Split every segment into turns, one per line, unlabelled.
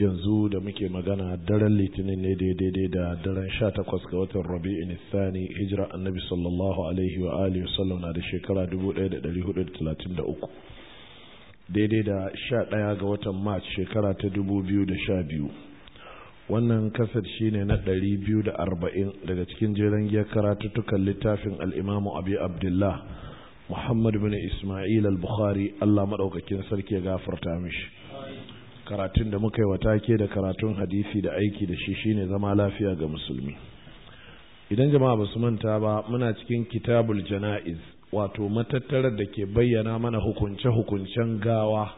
yanzu da muke magana daren litinin ne daidai da daren sha takwas ga watan rabi'in nisani hijira annabi sallallahu alaihi wa alihi Sallam na da shekara 1433 daidai da sha ɗaya ga watan march shekara ta 2012 wannan kasar shi ne na da arba'in daga cikin jeren giyar karatuttukan littafin al'imamu abi abdullah muhammad bin ismail al-bukhari allah maɗaukakin sarki ya gafarta mishi karatun da muka yi wa take da karatun hadisi da aiki da shi shine zama lafiya ga musulmi idan jama'a basu manta ba muna cikin kitabul jana'iz wato matattarar da ke bayyana mana hukunce-hukuncen gawa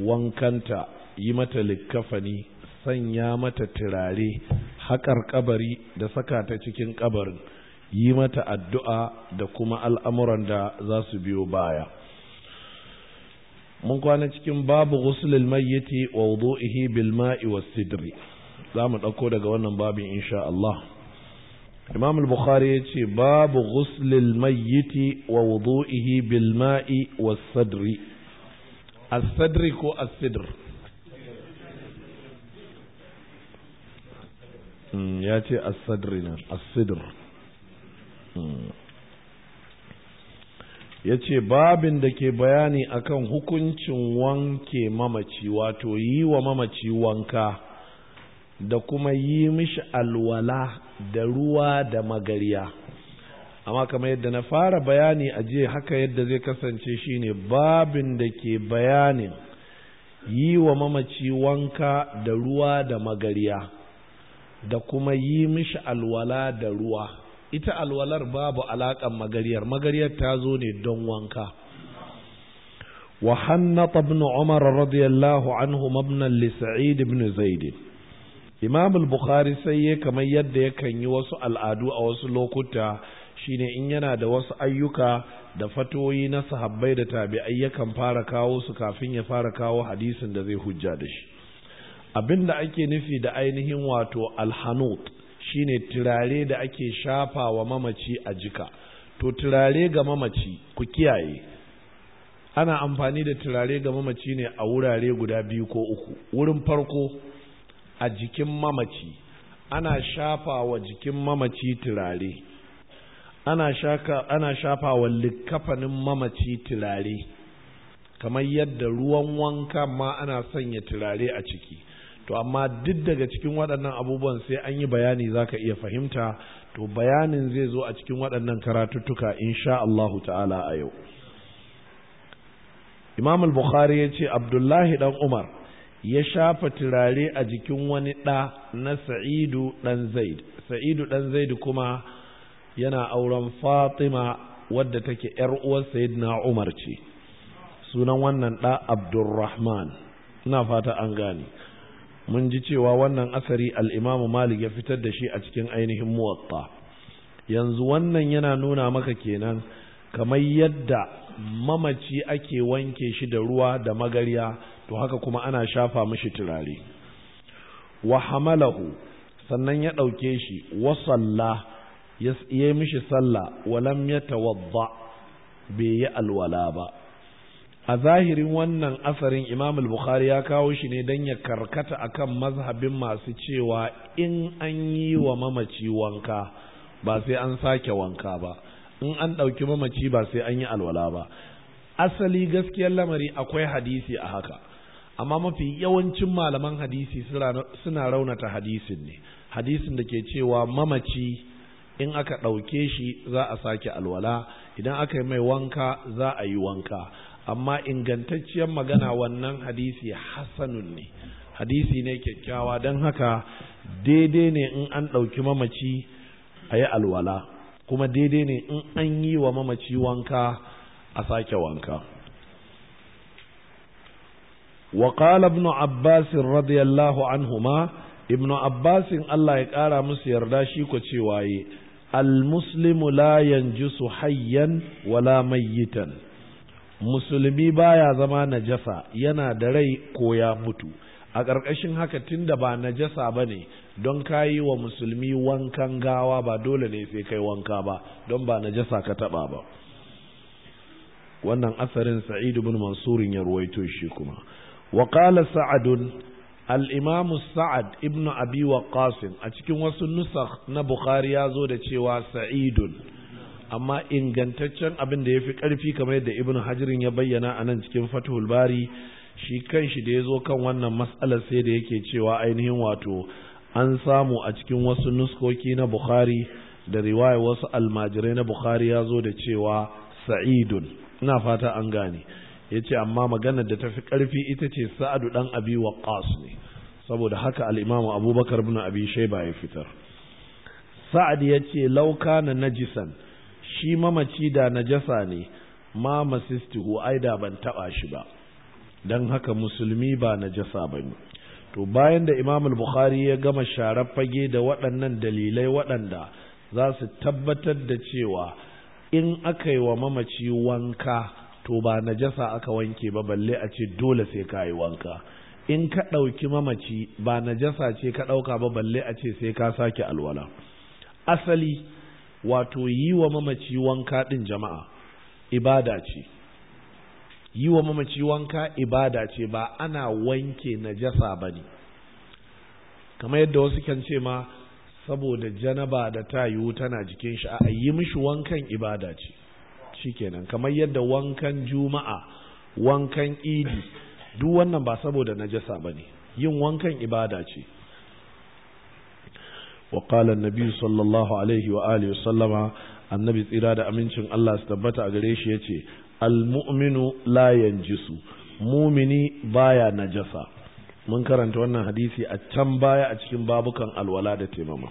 wankanta yi mata likkafani sanya mata turare haƙar kabari da saka ta cikin kabarin yi mata addu'a da kuma al'amuran da za su biyo baya mun kwana cikin babu ghuslul mayyiti wa wudu'ihi bil ma'i was sidri zamu dauko daga wannan babin insha Allah Imam al-Bukhari yace babu ghuslul mayyiti wa wudu'ihi bil ma'i was sidri
as-sidri ko as-sidr
hmm, ya ce as-sidri na as-sidr hmm. ya ce babin da ke bayani akan hukuncin wanke mamaci wato yi wa mamaci wanka da kuma yi mishi alwala da ruwa da magariya amma kama yadda na fara bayani a jiya haka yadda zai kasance shine babin da ke bayanin yi wa mamaci wanka da ruwa da magariya da kuma yi mishi alwala da ruwa ita alwalar babu alaƙan magariyar magariyar ta zo ne don wanka wa hannata ibn umar radiyallahu anhu mabnan li sa'id ibn zaid imam al-bukhari sai ya kamar yadda yakan yi wasu al'adu a wasu lokuta shine in yana da wasu ayyuka da fatoyi na sahabbai da tabi'ai yakan fara kawo su kafin ya fara kawo hadisin da zai hujja da shi abinda ake nufi da ainihin wato al alhanut shine turare da ake shafa wa mamaci a jika to turare ga mamaci ku kiyaye ana amfani da turare ga mamaci ne a wurare guda biyu ko uku wurin farko a jikin mamaci ana shafa wa jikin mamaci turare ana shaka ana shafa wa likkafanin mamaci turare kamar yadda ruwan wanka ma ana sanya turare a ciki to amma duk daga cikin waɗannan abubuwan sai an yi bayani za ka iya fahimta to bayanin zai zo a cikin waɗannan karatuttuka insha Allahu ta'ala a yau imam al-bukhari ya ce abdullahi dan umar ya shafa turare a jikin wani ɗa na sa'idu dan zaid sa'idu dan zaid kuma yana auren fatima wadda take yar uwar sayyidina umar ce sunan wannan ɗa abdurrahman ina fata an gani. mun ji cewa wannan asari al'imamu malik ya fitar da shi a cikin ainihin muwatta yanzu wannan yana nuna maka kenan kamar yadda mamaci ake wanke shi da ruwa da magarya to haka kuma ana shafa mishi turare wa hamalahu sannan ya ɗauke shi wa salla ya yi mishi sallah, walam ya tawadda bai yi alwala ba a zahirin wannan asarin imam al-bukhari ya kawo shi ne don ya karkata akan mazhabin masu cewa in an yi wa mamaci wanka ba sai an sake wanka ba in an ɗauki mamaci ba sai an yi alwala ba asali gaskiyar lamari akwai hadisi a haka amma mafi yawancin malaman hadisi suna raunata hadisin ne hadisin da ke cewa mamaci in aka ɗauke shi za a sake alwala idan aka yi mai wanka za a yi wanka amma ingantacciyar magana wannan hadisi hasanun ne hadisi ne kyakkyawa don haka daidai ne in an ɗauki mamaci a yi alwala kuma daidai ne in an yi wa mamaci wanka a sake wanka وقال ابن عباس رضي الله عنهما ابن عباس الله يقارى مسير داشي كتشي المسلم لا ينجس حيا ولا ميتا musulmi baya zama najasa yana da rai ko ya mutu a ƙarƙashin haka tun da ba najasa ba ne don ka yi wa musulmi wankan gawa ba dole ne sai kai wanka ba don ba najasa ka taɓa ba wannan asarin sa'idu bin mansurin ya ruwaito shi kuma waƙala sa'adun al imamu sa'ad ibnu abi wa a cikin wasu nusa na bukhari ya zo da cewa sa'idun amma ingantaccen abin da ya fi ƙarfi kamar yadda ibn hajirin ya bayyana a nan cikin fatihul bari shi kan shi da ya zo kan wannan matsalar sai da yake cewa ainihin wato an samu a cikin wasu nuskoki na bukhari da riwaya wasu almajirai na bukhari ya zo da cewa sa'idun ina fata an gane ya ce amma maganar da ta fi ƙarfi ita ce sa'adu ɗan abi waqas ne saboda haka al'imamu abubakar bin abi shaiba ya fitar sa'ad ya ce lauka na najisan shi mamaci da najasa ne ma masistihu ai da ban taba shi ba don haka musulmi ba najasa ba ne to bayan da imam al-bukhari ya gama sharar fage da waɗannan dalilai waɗanda za su tabbatar da cewa in aka yi wa mamaci wanka to ba najasa aka wanke ba balle a ce dole sai ka yi wanka in ka ɗauki mamaci ba najasa ce ka ɗauka ba balle a ce sai ka sake alwala asali wato yi wa mamaci wanka ɗin jama'a ibada ce yi wa mamaci wanka ibada ce ba ana wanke na jasa ba ne kamar yadda wasu kan ce ma saboda janaba da ta yi tana jikin shi a yi mishi wankan ibada ce kenan kamar yadda wankan juma'a wankan idi duk wannan ba saboda najasa ba ne yin wankan ibada ce وقال النبي صلى الله عليه وآله sallama annabi tsira da amincin Allah su tabbata a gare shi yace almu'minu la yanjisu mumini baya najasa mun karanta wannan hadisi a can baya a cikin babukan alwala da taimama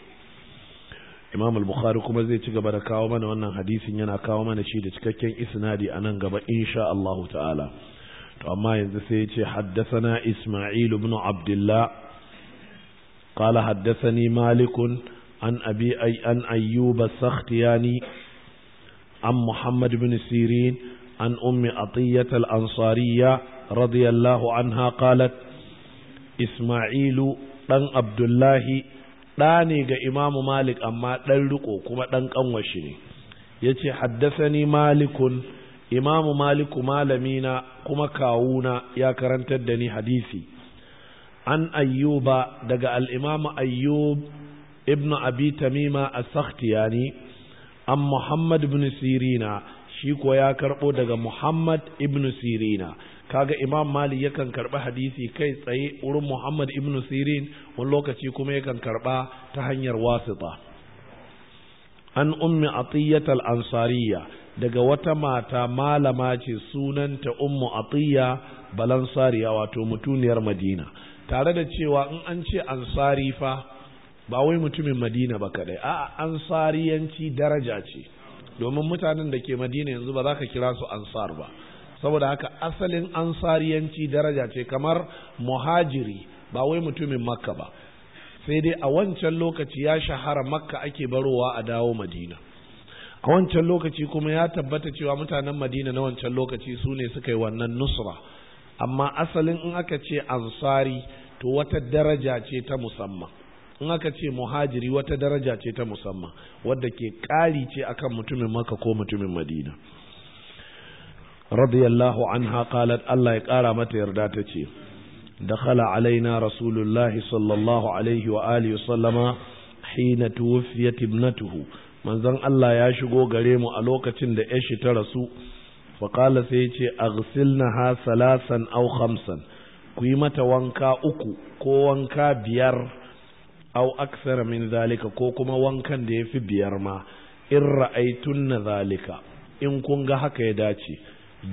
Imam al-Bukhari kuma zai ci gaba da kawo mana wannan hadisin yana kawo mana shi da cikakken isnadi a nan gaba insha Allah ta'ala to amma yanzu sai yace haddasa haddathana Isma'il ibn Abdullah قال حدثني مالك عن أبي أي عن أيوب السختياني عن محمد بن سيرين عن أم عطية الأنصارية رضي الله عنها قالت إسماعيل ɗan Abdullahi ɗa ne ga Imamu Malik amma ɗan riko kuma ɗan ƙanwashi ne ya ce haddasani malikun Imamu Maliku malamina kuma kawuna ya karantar da ni hadisi an ayyuba daga al'imamu ayyub ibn abi tamima a sakhtiyani an muhammad ibn sirina shi ko ya karɓo daga muhammad ibn sirina kaga imam mali yakan karɓi hadisi kai tsaye wurin muhammad ibn sirin wani lokaci kuma yakan karɓa ta hanyar wasita an ummi atiyyat al-ansariya daga wata mata malama ce sunanta ummu atiyya balansariya wato mutuniyar madina tare da cewa in an ce ansari fa ba wai mutumin madina ba kadai a ansariyanci daraja ce domin mutanen da ke madina yanzu ba za ka kira su ansar ba saboda haka asalin ansariyanci daraja ce kamar muhajiri ba wai mutumin makka ba sai dai a wancan lokaci ya shahara makka ake barowa a dawo madina a wancan lokaci kuma ya tabbata cewa mutanen madina na wancan lokaci su ne suka yi wannan nusra amma asalin in aka ce ansari to wata daraja ce ta musamman in aka ce muhajiri wata daraja ce ta musamman wadda ke ƙari ce akan mutumin maka ko mutumin madina radiyallahu anha qalat Allah ya ƙara mata yarda ta ce dakhala alaina rasulullahi sallallahu alaihi wa alihi sallama hina tuwfiyat ibnatuhu manzon Allah ya shigo gare mu a lokacin da yashi ta rasu faƙala sai ya ce aghsilna ha salasan au khamsan ku yi mata wanka uku ko wanka biyar au aksara min zalika ko kuma wankan da ya fi biyar ma in ra'aitun na zalika in kun ga haka ya dace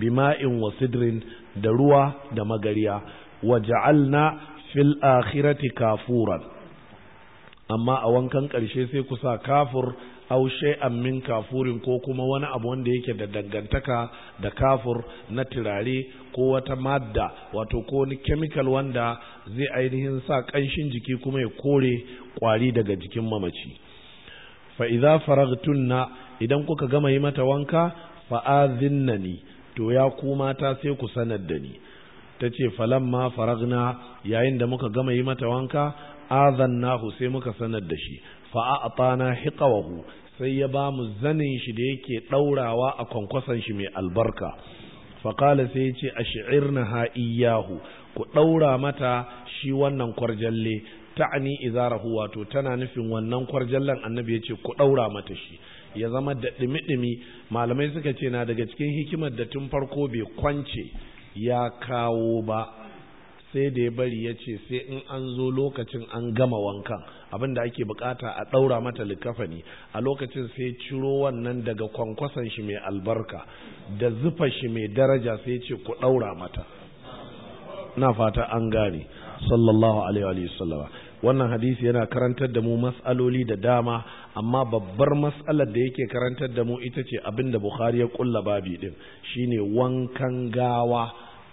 bima'in wa sidrin da ruwa da magariya wa ja'alna fil akhirati kafuran amma a wankan ƙarshe sai ku sa kafur aw shay'an min kafurin ko kuma wani abu wanda yake da dangantaka da kafur na turare ko wata madda wato ko wani chemical wanda zai ainihin sa kanshin jiki kuma ya kore kwari daga jikin mamaci fa idza faragtunna idan kuka gama yi mata wanka fa azinnani to ya kuma ta sai ku sanar da ni tace falamma faragna yayin da muka gama yi mata wanka azannahu sai muka sanar da shi fa atana hiqawahu sai ya ba mu zanin shi da yake ɗaurawa a kwankwason shi mai albarka faƙala sai ya ce a shi'ir na ha'iyahu ku ɗaura mata shi wannan kwarjalle ta'ani izarahu wato tana nufin wannan kwarjallen annabi ya ce ku ɗaura mata shi ya zama da ɗimi-ɗimi malamai suka ce na daga cikin hikimar da tun farko bai kwance ya kawo ba sai da ya bari ya ce sai in an zo lokacin an gama wankan abin da ake bukata a ɗaura mata likafani a lokacin sai ciro wannan daga kwankwason shi mai albarka da zufa shi mai daraja sai ce ku ɗaura mata na fata an gane sallallahu alaihi wasallama wannan hadisi yana karantar da mu mas'aloli da dama amma babbar matsalar da yake karantar da mu ita ce abin da bukhari ya kulla babi din shine wankan gawa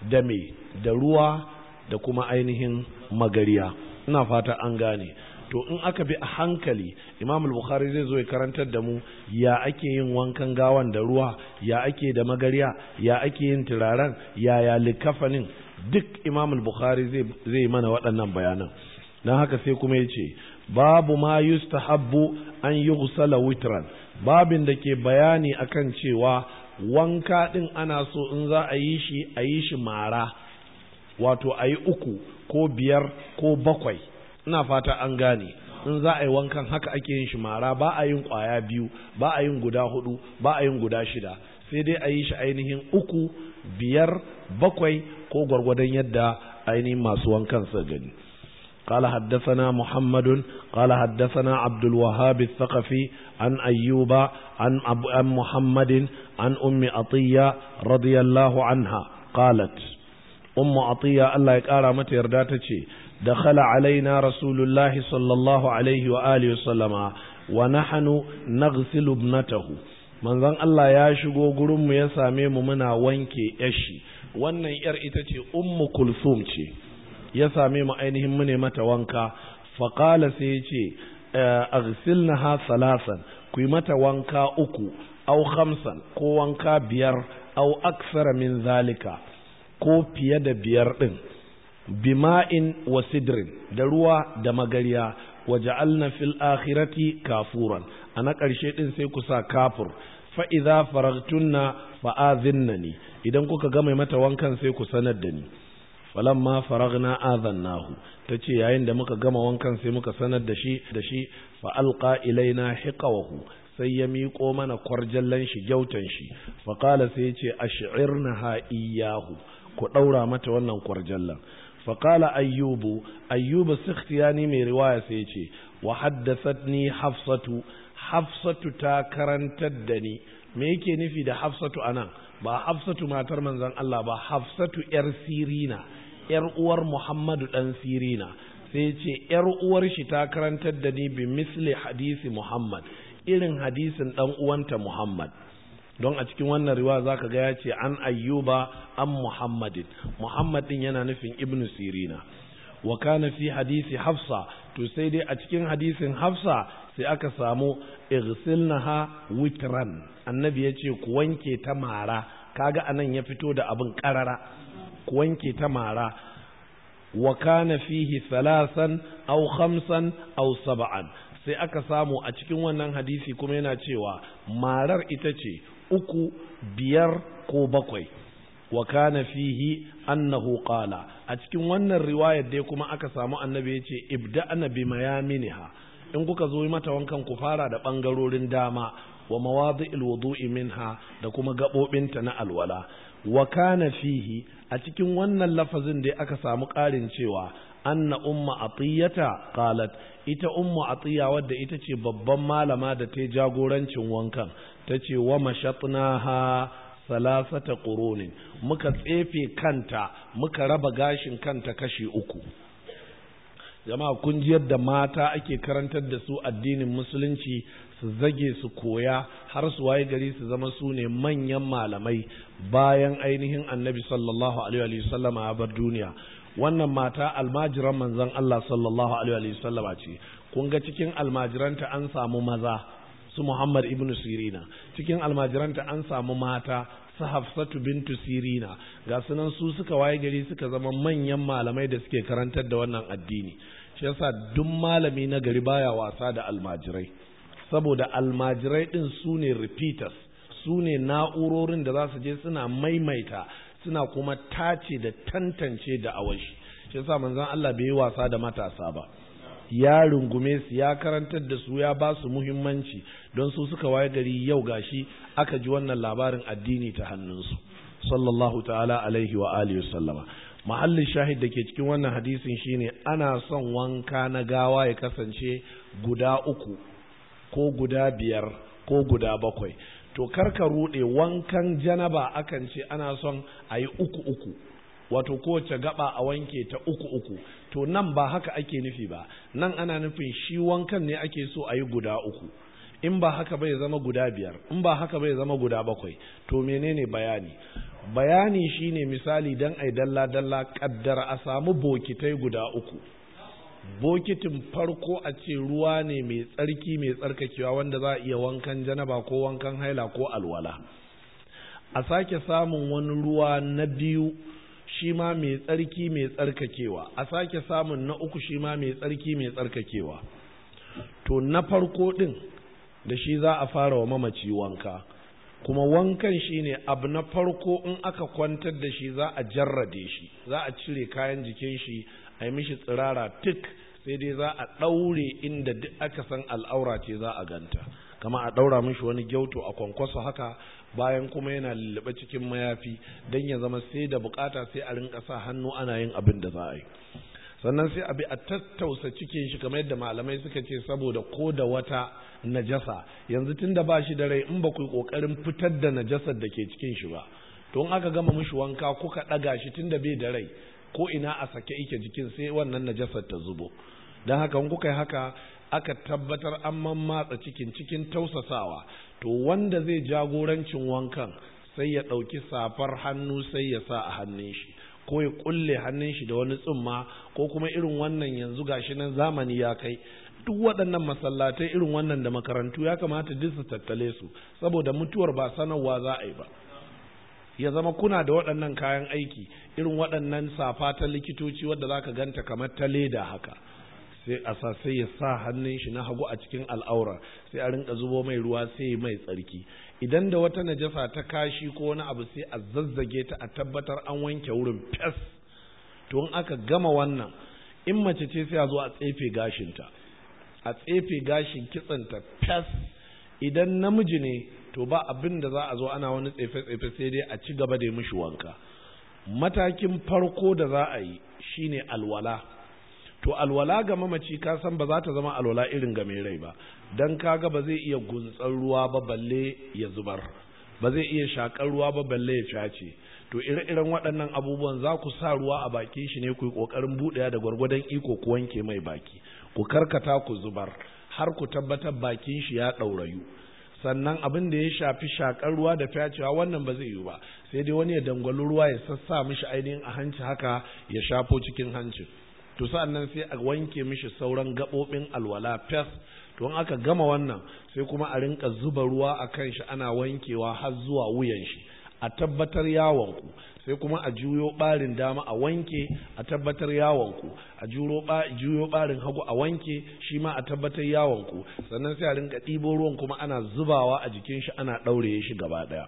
da me da ruwa da kuma ainihin magariya ina fata an gane to in aka bi a hankali imam bukhari zai zo ya karantar da mu ya ake yin wankan gawan da ruwa ya ake da magariya ya ake yin turaren ya ya likafanin duk imam bukhari zai mana waɗannan bayanan don haka sai kuma ya ce babu ma yustahabbu an yi gusala witran babin da ke bayani akan cewa wanka ɗin ana so in za a yi shi a yi shi mara wato a yi uku ko biyar ko bakwai ina fata an gane in za a yi wankan haka ake yin shi mara ba a yin kwaya biyu ba a yin guda hudu ba a yin guda shida sai dai a yi shi ainihin uku biyar bakwai ko gwargwadon yadda ainihin masu wankan sa gani قال حدثنا محمد قال حدثنا عبد الوهاب الثقفي عن أيوب عن, عن محمد عن أم أطية رضي الله عنها قالت ummu atiya Allah ya kara mata yarda ta ce dakhala alaina rasulullahi sallallahu alaihi wa alihi sallama wa nahnu naghsilu ibnatahu manzon Allah ya shigo gurin mu ya same mu muna wanke yashi wannan yar ita ce ummu kulsum ce ya same mu ainihin mu ne mata wanka Faƙala sai ya ce eh, ha salasan ku yi mata wanka uku au khamsan ko wanka biyar au aksara min zalika ko fiye da biyar ɗin bima'in wa sidrin da ruwa da magariya wa ja'alna fil akhirati kafuran a na ƙarshe ɗin sai ku sa kafur fa idza faragtunna fa azinnani idan kuka ga mai mata wankan sai ku sanar da ni falamma faragna azannahu tace yayin da muka gama wankan sai muka sanar da shi da shi fa alqa ilaina hiqawahu sai ya miƙo mana kwarjallan shi gyautan shi fa qala sai ya ce ha, iyahu. ku ɗaura mata wannan kwarjallan faƙala ayyubu ayyubu sikhtiyani mai riwaya sai ce wa ni hafsatu hafsatu ta karantar da ni me yake nufi da hafsatu anan ba hafsatu matar manzon Allah ba hafsatu yar sirina yar uwar muhammadu ɗan sirina sai ce yar uwar shi ta karantar da ni bi misli hadisi muhammad irin hadisin ɗan uwanta muhammad don a cikin wannan riwa za ka ga ya ce an ayyuba an muhammadin muhammadin yana nufin ibnu sirina wa kana fi hadisi hafsa to sai dai a cikin hadisin hafsa sai aka samu igsilnaha witran annabi ya ce ku wanke ta mara kaga anan ya fito da abin karara ku wanke ta mara wa kana fihi salasan aw khamsan aw sab'an sai aka samu a cikin wannan hadisi kuma yana cewa marar ita ce uku biyar ko bakwai wa kana fihi annahu qala a cikin wannan riwayar dai kuma aka samu annabi yace ibda annabi mayaminha in kuka zo mata wankan ku fara da bangarorin dama wa mawadi'il wudu'i minha da kuma gabobinta na alwala wa kana fihi a cikin wannan lafazin dai aka samu ƙarin cewa anna umma atiyata qalat ita umma atiya wadda ita ce babban malama da ta jagorancin wankan ta ce wa mashatnaha salasata kuroni muka tsefe kanta muka raba gashin kanta kashi uku jama'a kun ji yadda mata ake karantar da su addinin musulunci su zage su koya har su waye gari su zama su ne manyan malamai bayan ainihin annabi sallallahu alaihi wasallam a bar duniya wannan mata almajiran manzon Allah sallallahu alaihi wasallam ce kun ga cikin almajiranta an samu maza su Muhammad ibn Sirina cikin almajiranta an samu mata su Hafsatu bintu Sirina ga sunan su suka waye gari suka zama manyan malamai da suke karantar da wannan addini shi yasa duk malami na gari baya wasa da almajirai saboda almajirai din su ne repeaters su ne na'urorin da za su je suna maimaita suna kuma tace da tantance da awashi shi yasa manzon Allah bai yi wasa da matasa ba ya rungume su ya karantar da su ya ba su muhimmanci don su suka waye gari yau gashi aka ji wannan labarin addini ta hannunsu sallallahu ta'ala alaihi wa alihi sallama mahallin shahid da ke cikin wannan hadisin shine ana son wanka na gawa ya kasance guda uku ko guda biyar ko guda bakwai to karka rude wankan janaba akan ce ana son a yi uku uku wato kowace gaba a wanke ta uku uku to nan ba haka ake nufi ba nan ana nufin shi wankan ne ake so a yi guda uku in ba haka bai zama guda biyar in ba haka bai zama guda bakwai to menene bayani bayani shine misali dan ai dalla dalla kaddar a samu bokitai guda uku bokitin farko a ce ruwa ne mai tsarki mai tsarkakewa wanda za a iya wankan janaba ko wankan haila ko alwala a sake samun wani ruwa na biyu shi ma mai tsarki mai tsarkakewa a sake samun na uku shi ma mai tsarki mai tsarkakewa to na farko din da shi za a fara wa mamaci wanka kuma wankan shi ne abu na farko in aka kwantar da shi za a jarrade shi za a cire kayan jikin shi a yi mishi tsirara tik sai dai za a ɗaure inda duk aka san al'aura ce za a ganta kama a ɗaura mishi wani gyauto a kwankwaso haka bayan kuma yana lullube cikin mayafi don ya zama sai da bukata sai a rinka sa hannu ana yin abin da za a yi sannan sai abi a tattausa cikin shi kamar yadda malamai suka ce saboda ko da wata najasa yanzu tun da ba shi da rai in ba ku yi kokarin fitar da najasar da ke cikin shi ba to in aka gama mushi wanka kuka ɗaga shi tun da bai da rai ko ina a sake ike jikin sai wannan najasar ta zubo don haka kuka yi haka aka tabbatar an matsa cikin cikin tausasawa to wanda zai jagorancin wankan sai ya ɗauki safar hannu sai ya sa a hannun shi ko ya kulle hannun shi da wani tsumma ko kuma irin wannan yanzu gashi nan zamani ya kai duk waɗannan masallatai irin wannan da makarantu ya kamata duk su tattale su saboda mutuwar ba sanarwa za a yi ba ya zama kuna da waɗannan kayan aiki irin waɗannan safa ta likitoci wadda za ka ganta kamar ta leda haka sai a sa sai ya sa hannun shi na hagu a cikin al'aura sai a rinka zubo mai ruwa sai mai tsarki idan da wata najasa ta kashi ko wani abu sai a zazzage ta a tabbatar an wanke wurin fes to in aka gama wannan in mace ce sai a zo a tsefe gashinta a tsefe gashin kitsanta fes idan namiji ne to ba abin da za a zo ana wani tsefe-tsefe sai dai a ci gaba da mishi wanka matakin farko da za a yi shine alwala to alwala ga mamaci ka san ba za ta zama alwala irin ga mai rai ba don kaga ba zai iya guntsar ruwa ba balle ya zubar ba zai iya shakar ruwa ba balle ya face to ire-iren waɗannan abubuwan za ku sa ruwa a bakin shi ne ku yi ƙoƙarin buɗewa da gwargwadon iko ku wanke mai baki ku karkata ku zubar har ku tabbatar bakin shi ya ɗaurayu sannan abin da ya shafi shakar ruwa da fyacewa wannan ba zai yi ba sai dai wani ya dangwali ruwa ya sassa mishi ainihin a hanci haka ya shafo cikin hancin to sa'annan sai a wanke mishi sauran gaɓoɓin alwala fes to in aka gama wannan sai kuma a rinka zuba ruwa a kan shi ana wankewa har zuwa wuyan shi a tabbatar yawonku sai kuma a juyo ɓarin dama a wanke a tabbatar yawonku a juyo ɓarin hagu a wanke shi ma a tabbatar yawonku sannan sai a rinka ɗibo ruwan kuma ana zubawa a jikin shi ana ɗaure shi gaba ɗaya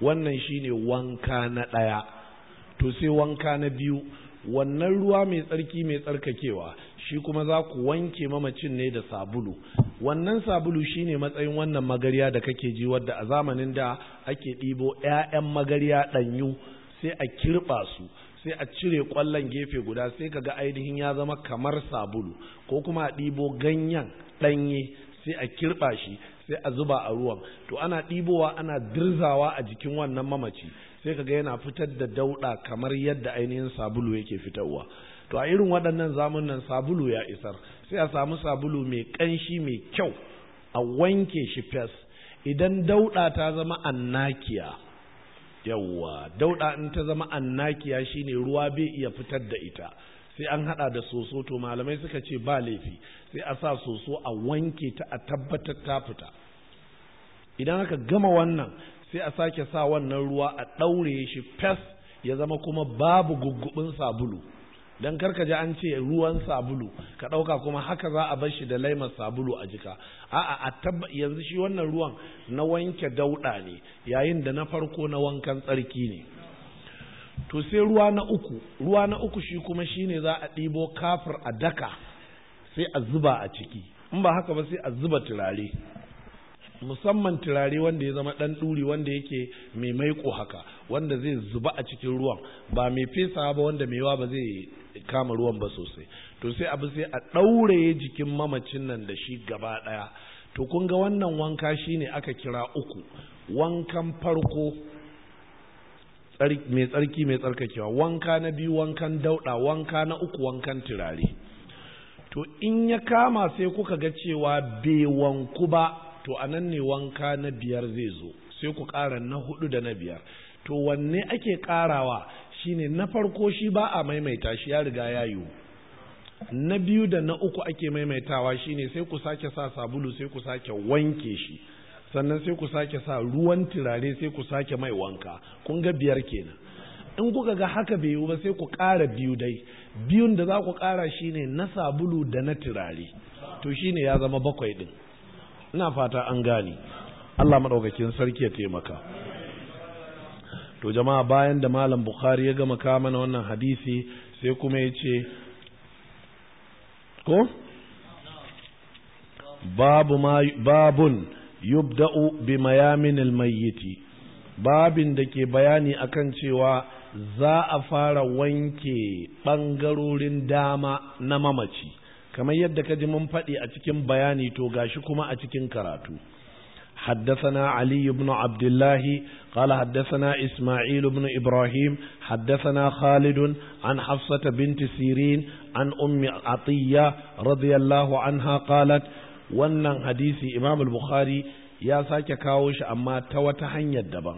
wannan shine wanka na ɗaya to sai wanka na biyu wannan ruwa mai tsarki mai tsarkakewa shi kuma za ku wanke mamacin ne da sabulu wannan sabulu shi ne matsayin wannan magarya da kake ji wadda a zamanin da ake ɗibo 'ya'yan magarya ɗanyu sai a kirɓa su sai a cire ƙwallon gefe guda sai ka ga ainihin ya zama kamar sabulu ko kuma a ɗibo ganyen ɗanye sai a kirɓa shi sai a zuba a ruwan to ana ɗibowa ana dirzawa a jikin wannan mamaci sai kaga yana fitar da dauɗa kamar yadda ainihin sabulu yake fitarwa to a irin waɗannan zamunan sabulu ya isar sai a samu sabulu mai ƙanshi mai kyau a wanke shi fes idan dauɗa ta zama annakiya yawwa dauɗa in ta zama annakiya shine ruwa bai iya fitar da ita sai an haɗa da soso to malamai suka ce ba laifi sai a sa soso a wanke ta a tabbatar ta fita idan aka gama wannan sai a sake sa wannan ruwa a ɗaure shi fes ya zama kuma babu guggubin sabulu don karka ji an ce ruwan sabulu ka ɗauka kuma haka za a bar shi da laimar sabulu a jika a'a a tabba yanzu shi wannan ruwan na wanke dauɗa ne yayin da na farko na wankan tsarki ne to sai ruwa na uku ruwa na uku shi kuma shi ne za a ɗibo kafir a daka sai a zuba a ciki in ba haka ba sai a zuba turare musamman turare wanda ya zama ɗan ɗuri wanda yake mai maiko haka wanda zai zuba a cikin ruwan ba mai fesa ba wanda mai yawa ba zai kama ruwan ba sosai to sai abu sai a ɗauraye jikin mamacin nan da shi gaba ɗaya to kun ga wannan wanka shi ne aka kira uku wankan farko mai tsarki mai tsarkakewa wanka na biyu wankan dauɗa wanka na uku wankan turare to in ya kama sai kuka ga cewa bai wanku ba to a nan ne wanka na biyar zai zo sai ku ƙara na hudu da na biyar to wanne ake ƙarawa shine na farko shi ba a maimaita shi ya riga ya yiwu na biyu da na uku ake maimaitawa shine sai ku sake sa sabulu sai ku sake wanke shi sannan sai ku sake sa ruwan turare sai ku sake mai wanka kun ga biyar kenan in kuka ga haka bai yiwu ba sai ku ƙara biyu dai biyun da za ku ƙara shine na sabulu da na turare to shine ya zama bakwai ɗin. ina fata an gane Allah madaukakin sarki ya taimaka to jama'a bayan da malam bukhari ya gama kama na wannan hadisi sai kuma ya ce ko babu ma babun yubda'u bi mayamin almayyiti babin da ke bayani akan cewa za a fara wanke ɓangarorin dama na mamaci kamar yadda ka ji mun faɗi a cikin bayani to gashi kuma a cikin karatu Haddasana Aliyu بن عبد الله قال حدثنا إسماعيل بن إبراهيم حدثنا خالد عن حفصة بنت سيرين عن أم عطية رضي الله wannan hadisi imam bukhari ya sake kawo shi amma ta wata hanyar daban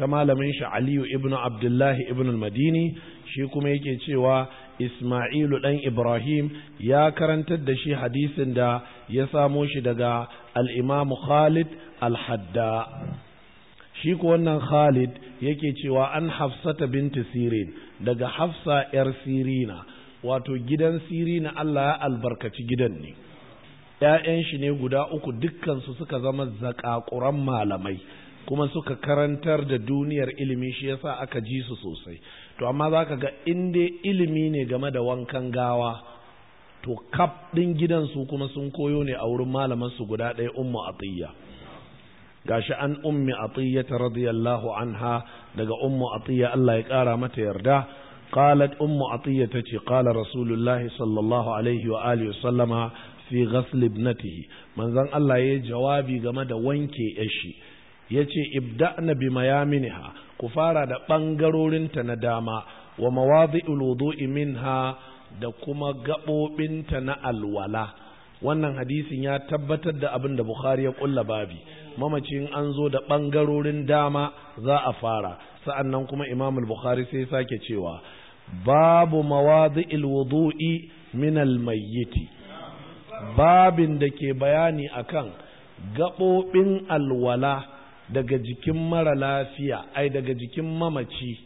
ta malamin shi aliyu ibn abdullahi ibn madini shi kuma yake cewa Ismailu ɗan Ibrahim ya karantar da shi hadisin da ya samo shi daga al'imamu Khalid al Shi ku wannan Khalid yake cewa an hafsata binti Sirin daga hafsa ‘yar Sirina, wato gidan Sirina Allah ya albarkaci gidan ne. ‘Ya'yan shi ne guda uku dukkansu suka zama zakakuran malamai, kuma suka karantar da duniyar ilimi shi yasa aka ji su sosai. to amma za ka ga inda ilimi ne game da wankan gawa to kaf ɗin gidan su kuma sun koyo ne a wurin malaman su guda ɗaya ummu atiyya gashi an ummi atiyya ta radiyallahu anha daga ummu atiyya Allah ya ƙara mata yarda qalat ummu atiyya ta ce qala rasulullahi sallallahu alaihi wa alihi sallama fi ghasl ibnatihi manzon Allah ya jawabi game da wanke yashi yace ibda'na bi mayaminha ku fara da ɓangarorinta na dama wa mawazi wudu'i minha da kuma gaɓoɓinta na alwala wannan hadisin ya tabbatar da abin da Bukhari ya kulla babi mamacin an zo da ɓangarorin dama za a fara sa'annan kuma Imamul Bukhari sai sake cewa babu mawazi wudu'i min mayyiti babin da ke bayani akan gaɓoɓin alwala daga jikin mara lafiya ai daga jikin mamaci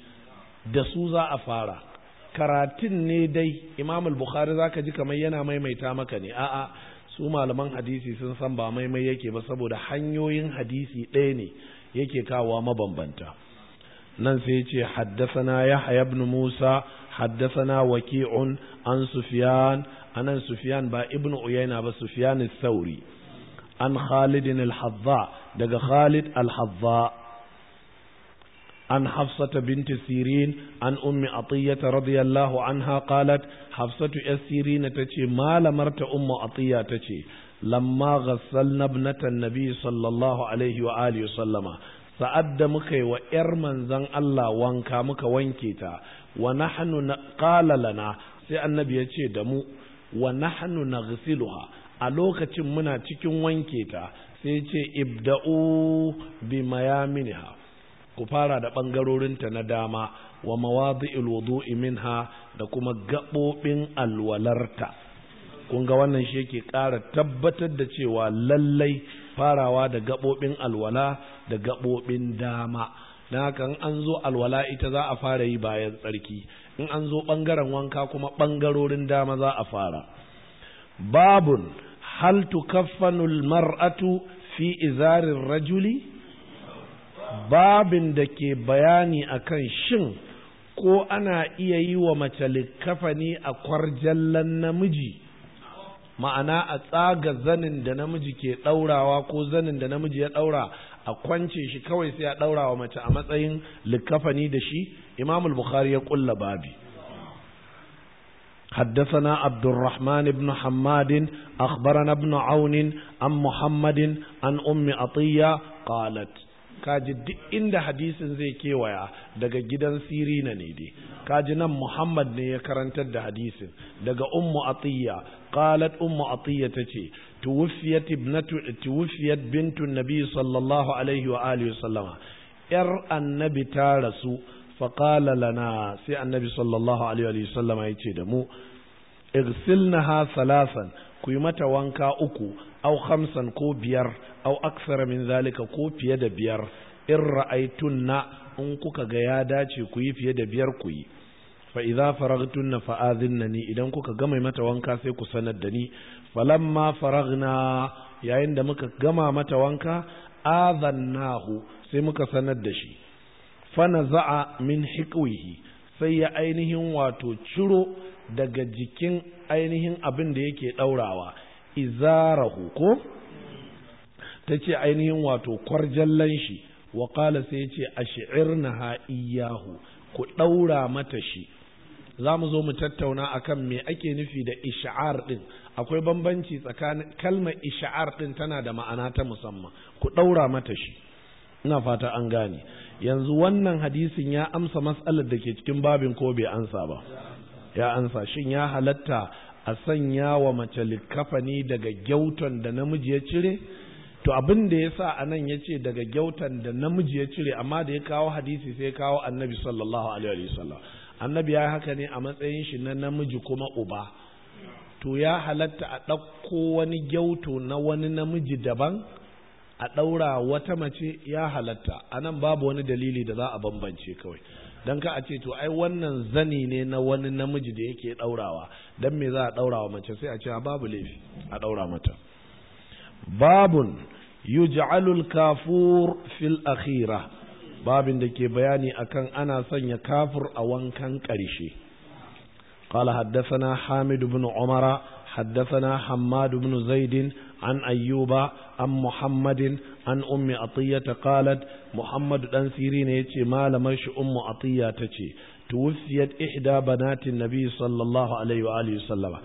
da su za a fara karatun ne dai imam bukhari bukhari zaka ji kamar yana maimaita maka ne a'a su malaman hadisi sun san ba maimai yake ba saboda hanyoyin hadisi ɗaya ne yake kawo mabambanta nan sai ce haddasana yahya ibn musa haddasana waki'un an sufyan anan Sufiyan ba Ibnu uyaina ba sufiyan sauri an khalidin al-hadza daga khalid al-hadza an hafsata binti sirin an ummi atiyata radiyallahu anha qalat hafsatu ya sirina ta ce malamar ta ummu atiya ta ce lamma ghassalna ibnatan sallallahu alaihi wa alihi sallama sa'adda muka yi wa yar manzan Allah wanka muka wanke ta wa na qala lana sai annabi ya ce da mu wa nahnu naghsiluha na a lokacin muna cikin wanke ta sai ce ibda'u bi mayaminha ku fara da ɓangarorinta na dama wa mawadi'il wudu'i minha da kuma gaɓoɓin alwalarta kun ga wannan shi yake ƙara tabbatar da cewa lallai farawa da gaɓoɓin alwala da gaɓoɓin dama don haka in an zo alwala ita za a fara yi bayan tsarki in an zo ɓangaren wanka kuma ɓangarorin dama za a fara babun hal kaffanul mar'atu fi izarin rajuli babin da ke bayani akan shin ko ana iya yi wa mace likkafani a kwarjallan namiji ma'ana a tsaga zanin da namiji ke ɗaurawa ko zanin da namiji ya ɗaura a kwance shi kawai sai a ɗaura wa mace a matsayin likkafani da shi imamul bukhari ya ƙulla babi حدثنا عبد الرحمن بن حماد أخبرنا ابن عون عن محمد عن أم عطية قالت kaji duk inda hadisin zai kewaya daga gidan na ne dai kaji nan muhammad ne ya karantar da hadisin daga ummu atiyya qalat ummu atiyya tace tuwfiyat ibnatu tuwfiyat bintu nabi sallallahu alaihi wa alihi wa sallama yar annabi ta rasu faƙala lana sai annabi sallallahu alaihi wasallama ya ce da mu igsilnaha salasan ku yi mata wanka uku au hamsan ko biyar au aksara min zalika ko fiye da biyar in ra'aitunna in kuka ga ya dace ku yi fiye da biyar ku yi fa idza faragtunna fa azinnani idan kuka gama mata wanka sai ku sanar da ni falamma faragna yayin da muka gama mata wanka azannahu sai muka sanar da shi fana za'a min hikwihi sai ya ainihin wato ciro daga jikin ainihin abin da yake ɗaurawa izarahu ko ta ce ainihin wato kwarjallan shi wa ƙala sai ce a iyahu ku ɗaura mata shi za mu zo mu tattauna akan me ake nufi da isha'ar ɗin akwai bambanci tsakanin kalmar isha'ar ɗin tana da ma'ana ta musamman ku ɗaura mata shi ina fata an gane yanzu wannan hadisin ya amsa matsalar da ke cikin babin ko bai ansa ba ya ansa shin ya halatta a sanya wa mace likafani daga gyauton da namiji ya cire to abin da ya sa a nan ya ce daga gyautan da namiji ya cire amma da ya kawo hadisi sai ya kawo annabi sallallahu alaihi wasallam annabi ya yi haka ne a matsayin shi na namiji kuma uba to ya halatta a ɗauko wani gyauto na wani namiji daban a ɗaura wata mace ya halatta a nan babu wani dalili da za a bambance kawai don ka a ce to ai wannan zani ne na wani namiji da yake ɗaurawa don me za a ɗaura wa mace sai a ce babu laifi a ɗaura mata babun ja'alul kafur fil akhira babin da ke bayani akan ana sanya kafur a wankan ƙarshe قال حدثنا حامد بن عمر حدثنا حماد بن زيد an ayyuba an muhammadin an ummi atiyya ta qalat muhammadu ɗan siri ne yace malamar shi ummu atiyya ta ce tuwfiyat ihda banatin nabi sallallahu alaihi wa alihi sallama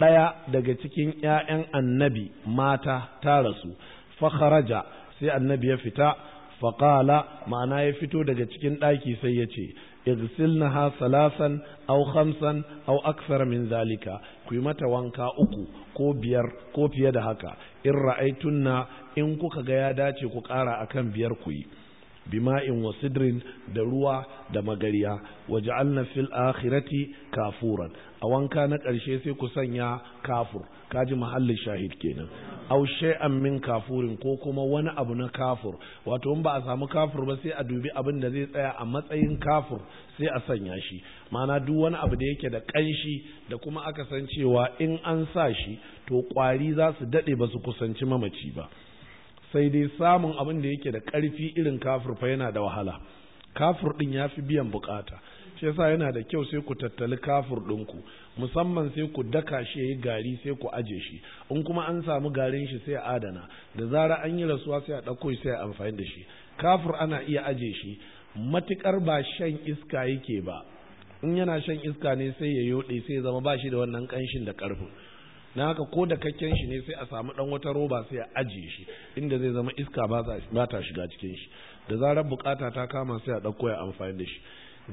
daya daga cikin ƴaƴan annabi mata ta rasu fa kharaja sai annabi ya fita fa qala ma'ana ya fito daga cikin ɗaki sai yace yaghsilnaha salasan au khamsan au akthara min zalika ku yi mata wanka uku ko biyar ko fiye da haka in ra'aitunna in kuka ga ya dace ku ƙara akan biyar ku yi bima'in wa sidrin da ruwa da magariya waj'alna fil akhirati kafuran a wanka na ƙarshe sai ku sanya kafur kaji mahallin shahid kenan aw shay'an min kafurin ko kuma wani abu na kafur wato in ba a samu kafur ba sai a dubi abin da zai tsaya a matsayin kafur sai a sanya shi mana duk wani abu da yake da kanshi da kuma aka san cewa in an sa shi to kwari za su dade ba su kusanci mamaci ba sai dai samun abin da yake da ƙarfi irin kafir fa yana da wahala Kafur din ya fi biyan bukata shi yasa yana da kyau sai ku tattali kafir ɗinku musamman sai ku daka shi yayi gari sai ku aje shi in kuma an samu garin shi sai a adana da zara an yi rasuwa sai a ɗauko shi sai a amfani da shi Kafur ana iya aje shi matukar ba shan iska yake ba in yana shan iska ne sai ya yoɗe sai ya zama ba shi da wannan ƙanshin da ƙarfin na haka ko da kakken shi ne sai a samu dan wata roba sai a ajiye shi inda zai zama iska ba ta shiga cikin shi da zarar bukata ta kama sai a ɗauko ya amfani da shi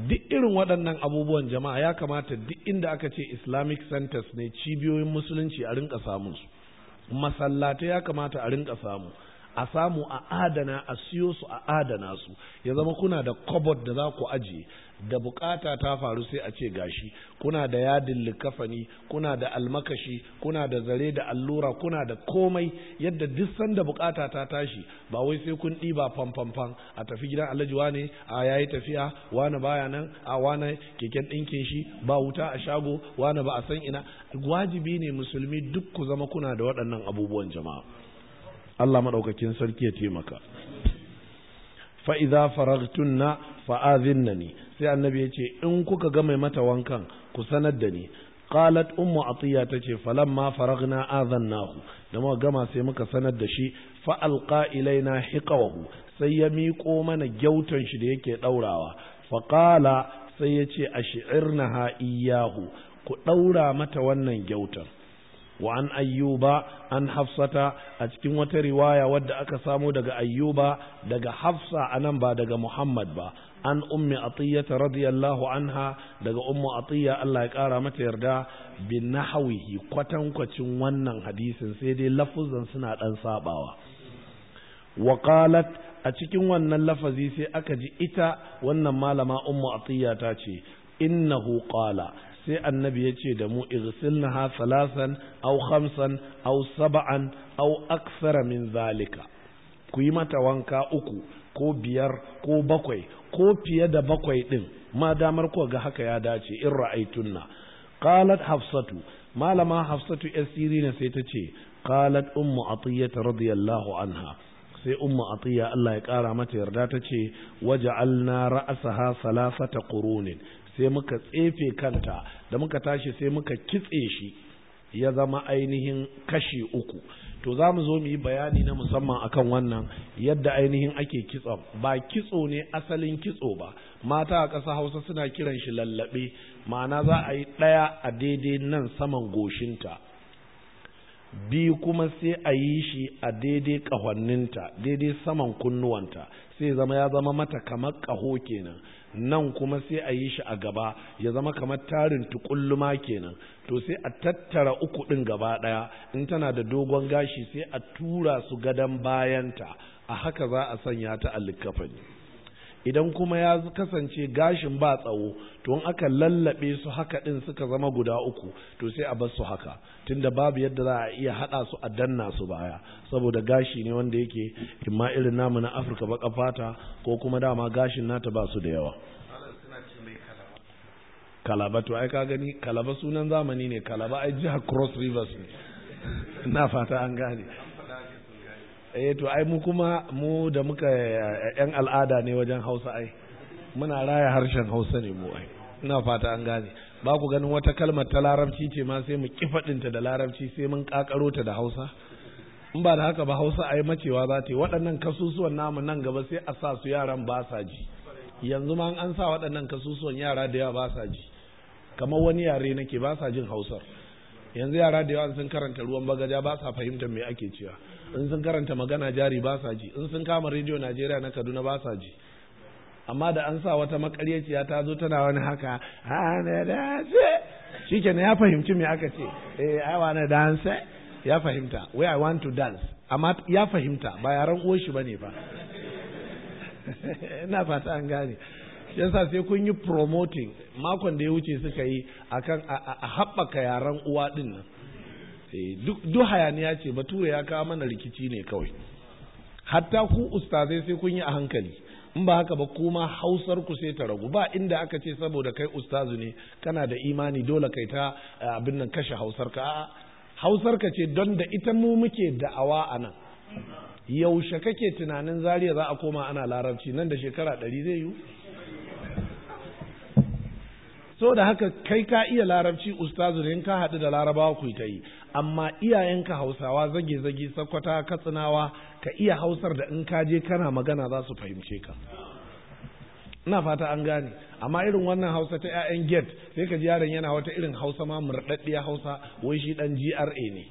duk irin waɗannan abubuwan jama'a ya kamata duk inda aka ce islamic centers ne cibiyoyin musulunci a rinka samun su masallatai ya kamata a rinka samu a samu a adana a siyo su a adana su ya zama kuna da cupboard da za ku ajiye da bukata ta faru sai a ce gashi kuna da yadin likafani kuna da almakashi kuna da zare da allura kuna da komai yadda duk san da bukata ta tashi ba wai sai kun ɗiba fanfanfan a tafi gidan alhaji wane a yayi tafiya wane baya nan a wane keken ɗinkin shi ba wuta a shago wane ba a san ina wajibi ne musulmi duk ku zama kuna da waɗannan abubuwan jama'a Allah maɗaukakin sarki ya taimaka fa idza faragtunna fa azinnani sai annabi yace in kuka ga mai mata wankan ku sanar da ni qalat ummu atiya tace falamma faragna azannahu da muka gama sai muka sanar da shi fa alqa ilaina hiqawahu sai ya miƙo mana gyautan shi da yake daurawa fa qala sai yace ash'irnaha iyyahu ku daura mata wannan gyautan wa an ayyuba an hafsata a cikin wata riwaya wadda aka samo daga ayyuba daga hafsa anan ba daga muhammad ba an ummi atiyyata radiyallahu anha daga ummu atiya Allah ya kara mata yarda bin nahwihi kwatankwacin wannan hadisin sai dai lafuzan suna dan sabawa wa qalat a cikin wannan lafazi sai aka ji ita wannan malama ummu atiya ta ce innahu qala sai annabi ya ce da mu ha salasan au khamsan au saba'an au aksara min zalika ku yi mata wanka uku ko biyar ko bakwai ko fiye da bakwai ɗin ma damar ko ga haka ya dace in ra'aitunna qalat hafsatu malama hafsatu asiri ne sai ta ce qalat ummu atiyya radiyallahu anha sai ummu atiya Allah ya kara mata yarda ta ce waja'alna ra'asaha salasata qurunin sai muka tsefe kanta da muka tashi sai muka kitse shi ya zama ainihin kashi uku to za mu zo mu yi bayani na musamman akan wannan yadda ainihin ake kitson ba kitso ne asalin kitso ba mata a ƙasa hausa suna kiran shi lallaɓe ma'ana za a yi ɗaya a daidai nan saman goshinta biyu kuma sai a yi shi a daidai ƙahoninta daidai saman kunnuwanta sai zama ya zama mata kamar ƙaho kenan nan kuma sai a yi shi a gaba ya zama kamar tarin tukulluma kenan to sai a tattara uku ɗin gaba ɗaya in tana da dogon gashi sai a tura su gadon bayanta a haka za a sanya ta a idan kuma ya kasance gashin ba tsawo to in aka lallabe su haka din suka zama guda uku to sai a bar su haka tunda babu yadda za a iya hada su a danna su baya saboda gashi ne wanda yake imma irin namu na Afirka baka fata ko kuma dama gashin nata ba su da yawa kalaba to ai ka gani kalaba sunan zamani ne kalaba ai jihar cross rivers ne
na fata an gane
eh to ai mu kuma mu da muka eh, yan al'ada ne wajen hausa ai muna raya harshen hausa ne mu ai ina fata an gane ba ku ganin wata kalmar ta larabci ce ma sai mu ta da larabci sai mun kakaro ta da hausa in ba da haka ba hausa ai macewa za ta yi waɗannan kasusuwan namu nan gaba sai a sa su yaran ba sa ji yanzu ma an sa waɗannan kasusuwan yara da yawa ba sa ji kamar wani yare nake ba sa jin hausar yanzu yara da yawa sun karanta ruwan bagaja ba sa fahimtar me ake cewa in sun karanta magana jari ba sa ji in sun kama rediyo najeriya na kaduna ba sa ji amma da an sa wata makaryaciya ta zo tana wani haka ana dance shi kenan ya fahimci me aka ce eh i wanna dance ya fahimta we i want to dance amma ya fahimta ba yaran uwar shi bane ba ina fata an gane shi yasa sai kun yi promoting makon da ya wuce suka yi akan a haɓaka yaran uwa din nan Eh, duk hayaniya ce bature ya kawo mana rikici ne kawai hatta ku ustazai sai kun yi a hankali in ba haka ba kuma hausar ku sai ta ragu ba inda aka ce saboda kai ustazu ne kana da imani dole kai ta eh, abin nan kashe hausar ka a'a hausar ka ce don da ita mu muke da'awa a nan yaushe kake tunanin zariya za a koma ana larabci nan da shekara ɗari zai yiwu So da haka kai ka iya larabci ustazu ne ka haɗu da larabawa ku ta yi amma iyayenka hausawa zage zage sakwata katsinawa ka iya hausar da in ka je kana magana za su fahimce ka ina fata an gane amma irin wannan hausa ta 'ya'yan get sai ka ji yaron yana wata irin hausa ma murɗaɗɗiya hausa wai shi ɗan gra ne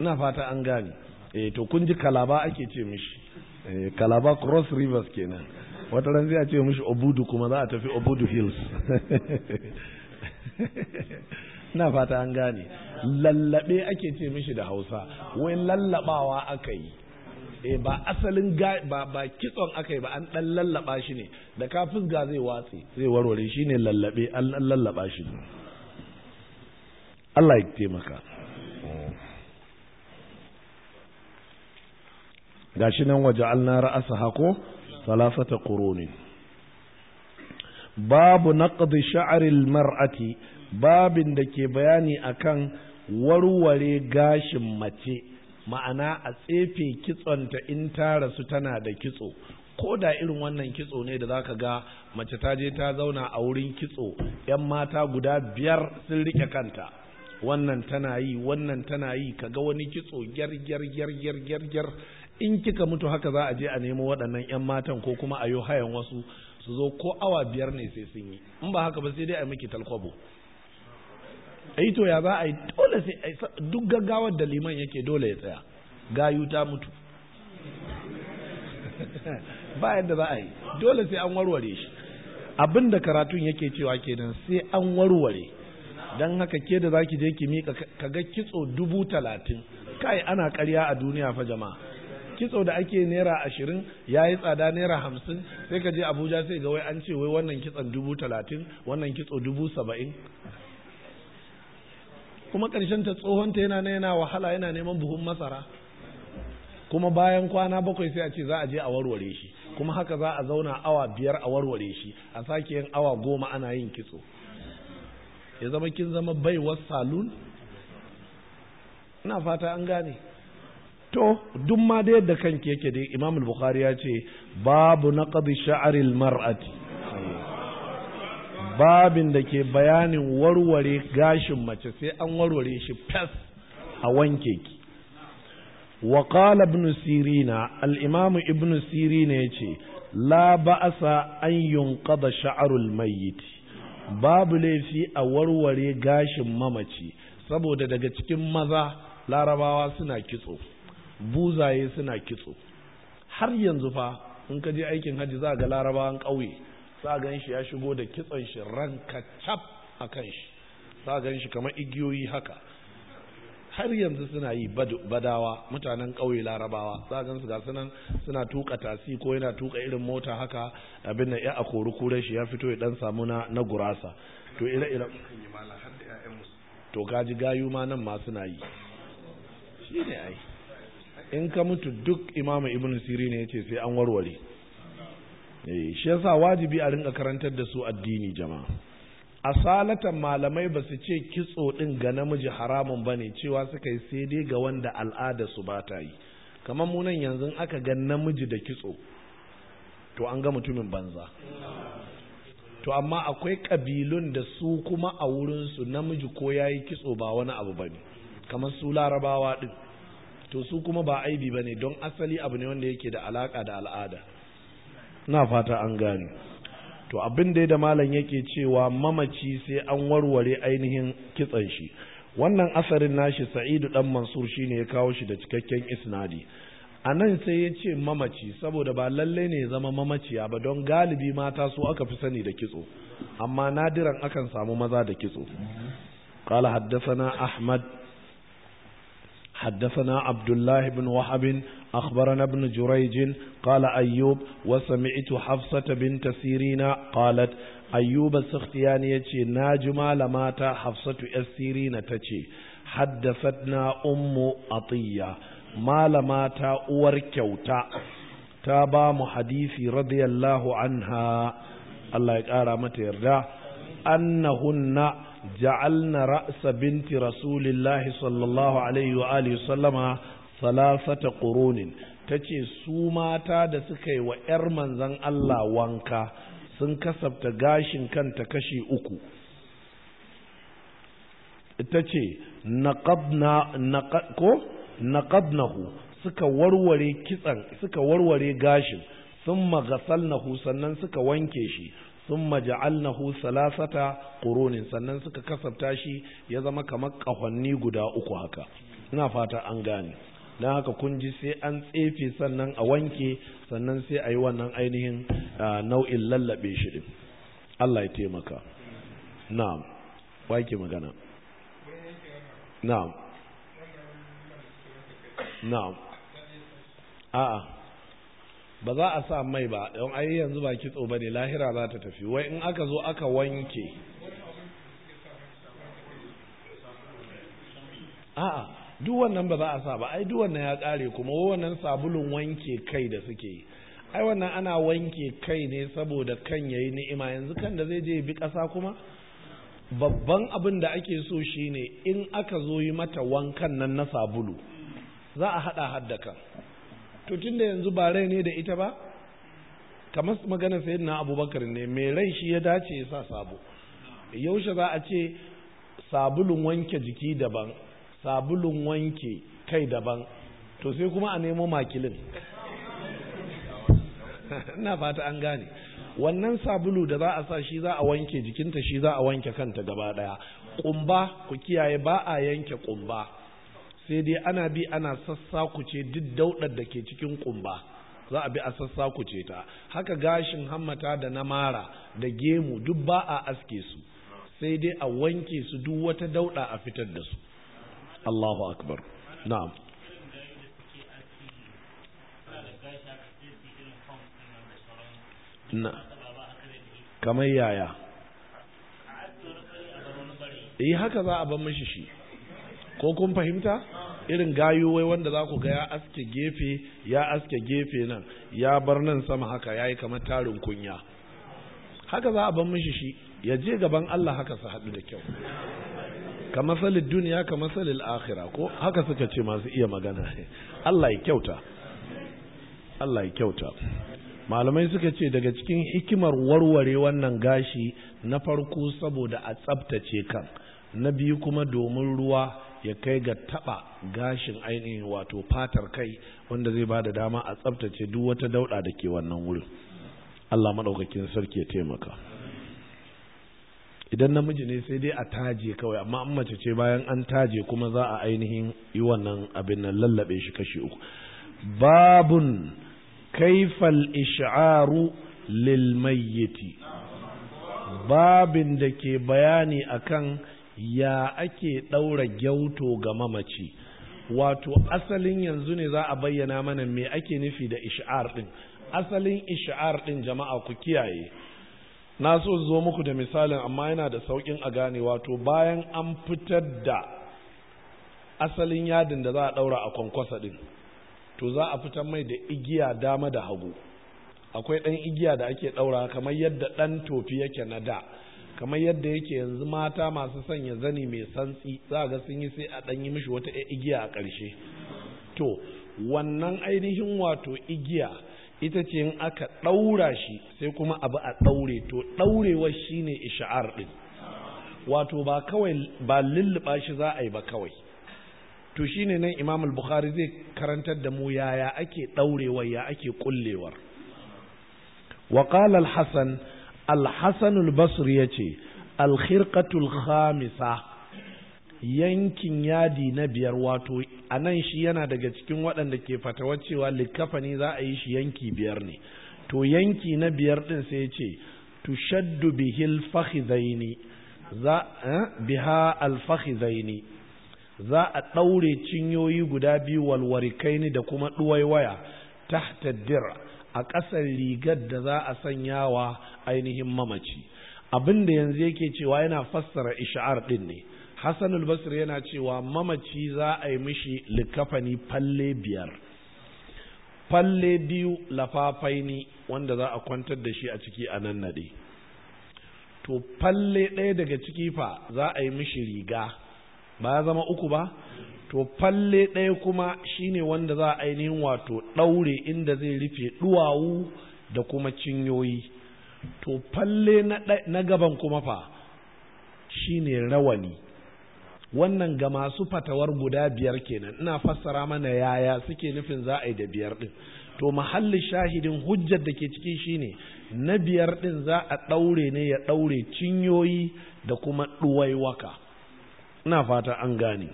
ina fata an gane eh to kun ji kalaba ake ce mishi eh, kalaba cross rivers kenan wata ran zai ce mishi obudu kuma za a tafi obudu hills na fata an gane lallabe ake ce mishi da hausa wai lallabawa aka yi eh ba asalin ba ba kitson aka yi ba an dan lallaba shi ne da kafin ga zai watse zai warware shi ne lallabe an lallaba shi ne Allah ya taimaka gashi nan waje alnara ra'asa hako salasata quruni babu naqdi sha'ril mar'ati babin da ke bayani akan warware gashin mace ma'ana a tsefe kitsonta in ta rasu tana da kitso ko da irin wannan kitso ne da za ka ga mace ta je ta zauna a wurin kitso yan mata guda biyar sun rike kanta wannan tana yi wannan tana yi ka ga wani kitso gyar gyar gyar gyar in kika mutu haka za a je a nemo waɗannan 'yan matan ko kuma a yi hayan wasu su zo ko awa biyar ne sai sun yi in ba haka ba sai dai a miki talkwabo ai to ya ba a yi dole sai duk gaggawar da liman yake dole ya tsaya gayu ta mutu ba yadda za a yi dole sai an warware shi abin da karatun yake cewa kenan sai an warware don haka ke da ki je ki mika kaga kitso dubu talatin kai ana karya a duniya fa jama'a kitso da ake naira ashirin ya yi tsada naira hamsin sai ka je abuja sai ga wai an ce wai wannan kitson dubu talatin wannan kitso dubu saba'in kuma ƙarshen ta tsohonta yana na yana wahala yana neman buhun masara kuma bayan kwana bakwai sai a ce za a je a warware shi kuma haka za a zauna awa biyar a warware shi a sake yin awa goma ana yin kitso ya zama kin zama baiwar salon ina fata an gane to duk ma da yadda kanki yake dai imam bukhari ya ce babu na naqdi sha'ril mar'ati babin da ke bayanin warware gashin mace sai an warware shi fes a wanke ki wa qala ibn sirina al-imam ibn sirina ce, la ba'asa an yunqada sha'arul mayyit babu laifi a warware gashin mamaci saboda daga cikin maza larabawa suna kitso buzaye suna kitso har yanzu fa in ka je aikin hajji za ga larabawan ƙauye za gan shi ya shigo da kitson shi ranka cap a kan shi za gan shi kamar igiyoyi haka har yanzu suna yi badawa mutanen ƙauye larabawa za gan su ga sunan suna tuka tasi ko yana tuka irin mota haka abin da ya a kori kure shi ya fito ya dan samu na na gurasa to ire ire to gaji gayu ma nan ma suna yi shine ai in ka mutu duk imamu ibn siri ne ce sai an warware eh shi yasa wajibi a rinka karantar da su addini jama'a A salatan malamai ba su ce kitso din ga namiji haramun bane cewa suka yi sai dai ga wanda al'ada su ba ta yi kamar mu nan yanzu aka ga namiji da kitso to an ga mutumin banza to amma akwai kabilun da su kuma a wurinsu namiji ko yayi kitso ba wani abu bane kamar su larabawa din to su kuma ba aibi ba ne don asali abu ne wanda yake da alaka da al'ada na fata an gane to abin da da malam yake cewa mamaci sai an warware ainihin kitsan shi wannan asarin nashi sa'idu dan mansur shine ya kawo shi da cikakken isnadi a nan sai ya ce mamaci saboda ba lallai ne zama mamaciya ba don galibi mata su aka fi sani da kitso amma nadiran akan samu maza da kitso قال حدثنا أحمد حدثنا عبد الله بن وهب أخبرنا ابن جريج قال أيوب وسمعت حفصة بنت سيرين قالت أيوب السختياني يتي ناجما لماتا حفصة السيرين تتي حدثتنا أم أطية ما لماتا أوركوتا تابا محديثي رضي الله عنها الله يقارى متى يرجع أنهن ja'alna ra'sa binti rasulillahi sallallahu alaihi wa sallama salasata qurunin tace su mata da suka wa yar manzon Allah wanka sun kasabta gashin kanta kashi uku tace naqabna naqad ko naqadnahu suka warware kitsan suka warware gashin sun magasalnahu sannan suka wanke shi thumma ja'alnahu salasata qurunin sannan suka kasafta shi ya zama kamar kahonni guda uku haka ina fata an gane dan haka kun ji sai an tsefe sannan a wanke sannan sai a yi wannan ainihin nau'in lallabe shi din Allah ya taimaka na'am waki magana
na'am na'am
a'a ba za a sa mai ba don yi yanzu ba kitso ba ne lahira za ta tafi wai in aka zo aka wanke a'a duk wannan ba za a sa ba ai duk wannan ya kare kuma wannan sabulun wanke kai da suke yi ai wannan ana wanke kai ne saboda kan yayi ni'ima yanzu kan da zai je bi ƙasa kuma babban abin da ake so shine in aka zo yi mata wankan nan na sabulu za a hada hadda kan to tunda yanzu ba rai ne da ita ba kamar magana sai na abubakar ne mai rai shi ya dace ya sa sabo yaushe za a ce sabulun wanke jiki daban sabulun wanke kai daban to sai kuma a nemo makilin ina fata an gane wannan sabulu da za a sa shi za a wanke jikinta shi za a wanke kanta gaba daya Ƙumba ku kiyaye ba a yanke ƙumba. sai dai ana bi ana sassakuce duk daudar da ke cikin kumba za a bi a sassakuce ta haka gashin hammata da na mara da gemu duk ba a aske su sai dai a wanke su duk wata dauda a fitar da su Allahu akbar na kamar yaya yi eh, haka za a ban mashi shi ko kun fahimta irin gayu wai wanda za ku ga ya aske gefe ya aske gefe nan ya bar nan sama haka ya yi kamar tarin kunya haka za a ban mishi shi ya je gaban Allah haka su haɗu da kyau ka masalin duniya ka masalin akhira ko haka suka ce masu iya magana Allah ya kyauta Allah ya kyauta malamai suka ce daga cikin hikimar warware wannan gashi na farko saboda a tsabtace kan na biyu kuma domin ruwa ya kai ga taba gashin ainihin wato fatar kai wanda zai ba da dama a tsabtace duk wata dauɗa da ke wannan wurin Allah maɗaukakin sarki ya taimaka idan namiji ne sai dai a taje kawai amma an mace ce bayan an taje kuma za a ainihin yi wannan abin nan lallabe shi kashi uku babun kaifal ish'aru lil babin da ke bayani akan ya ake ɗaura gyauto ga mamaci wato asalin yanzu ne za a bayyana mana me ake nufi da ish'ar ɗin asalin ish'ar ɗin jama'a ku kiyaye na so zo muku da misalin amma yana da sauƙin a gane wato bayan an fitar da asalin yadin da za a ɗaura a kwankwasa ɗin to za a fitar mai da igiya dama da hagu akwai ɗan igiya da ake ɗaura kamar yadda ɗan tofi yake na da kamar yadda yake yanzu mata masu sanya zani mai santsi za a ga sun yi sai a ɗan yi mishi wata igiya a ƙarshe to wannan ainihin wato igiya ita ce in aka ɗaura shi sai kuma abu a ɗaure to ɗaurewa shi ne isha'ar ɗin wato ba kawai ba lulluɓa shi za a yi ba kawai to shi ne nan imam al-bukhari zai karantar da mu yaya ake ɗaurewa ya ake ƙullewar wa qala Hassan. الحسن البصري basri ya ce yankin yadi na biyar wato a nan shi yana daga cikin waɗanda ke fatawa cewa likafani za a yi shi yanki biyar ne to yanki na biyar ɗin sai ce tushaddu bihil fakhidaini za eh, biha za a ɗaure cinyoyi guda biyu walwarikaini da kuma ɗuwaiwaya tahta a ƙasar rigar da za a sanya wa ainihin mamaci abinda yanzu yake cewa yana fassara isha'ar ɗin ne hassan albasir yana cewa mamaci za a yi mishi likafani falle biyar falle biyu lafafai ne wanda za a kwantar da shi a ciki a nan naɗe to falle ɗaya daga ciki fa za a yi mishi riga ba ya zama uku ba to falle ɗaya kuma shine wanda za a ainihin wato ɗaure inda zai rufe ɗuwawu da kuma cinyoyi to falle na gaban kuma fa shine rawani wannan ga masu fatawar guda biyar kenan ina fassara mana yaya suke nufin za a yi da biyar ɗin to mahalli shahidin hujjar da ke ciki shine na biyar ɗin za a ɗaure ne ya ɗaure cinyoyi da kuma ɗuwaiwaka ina fata an gane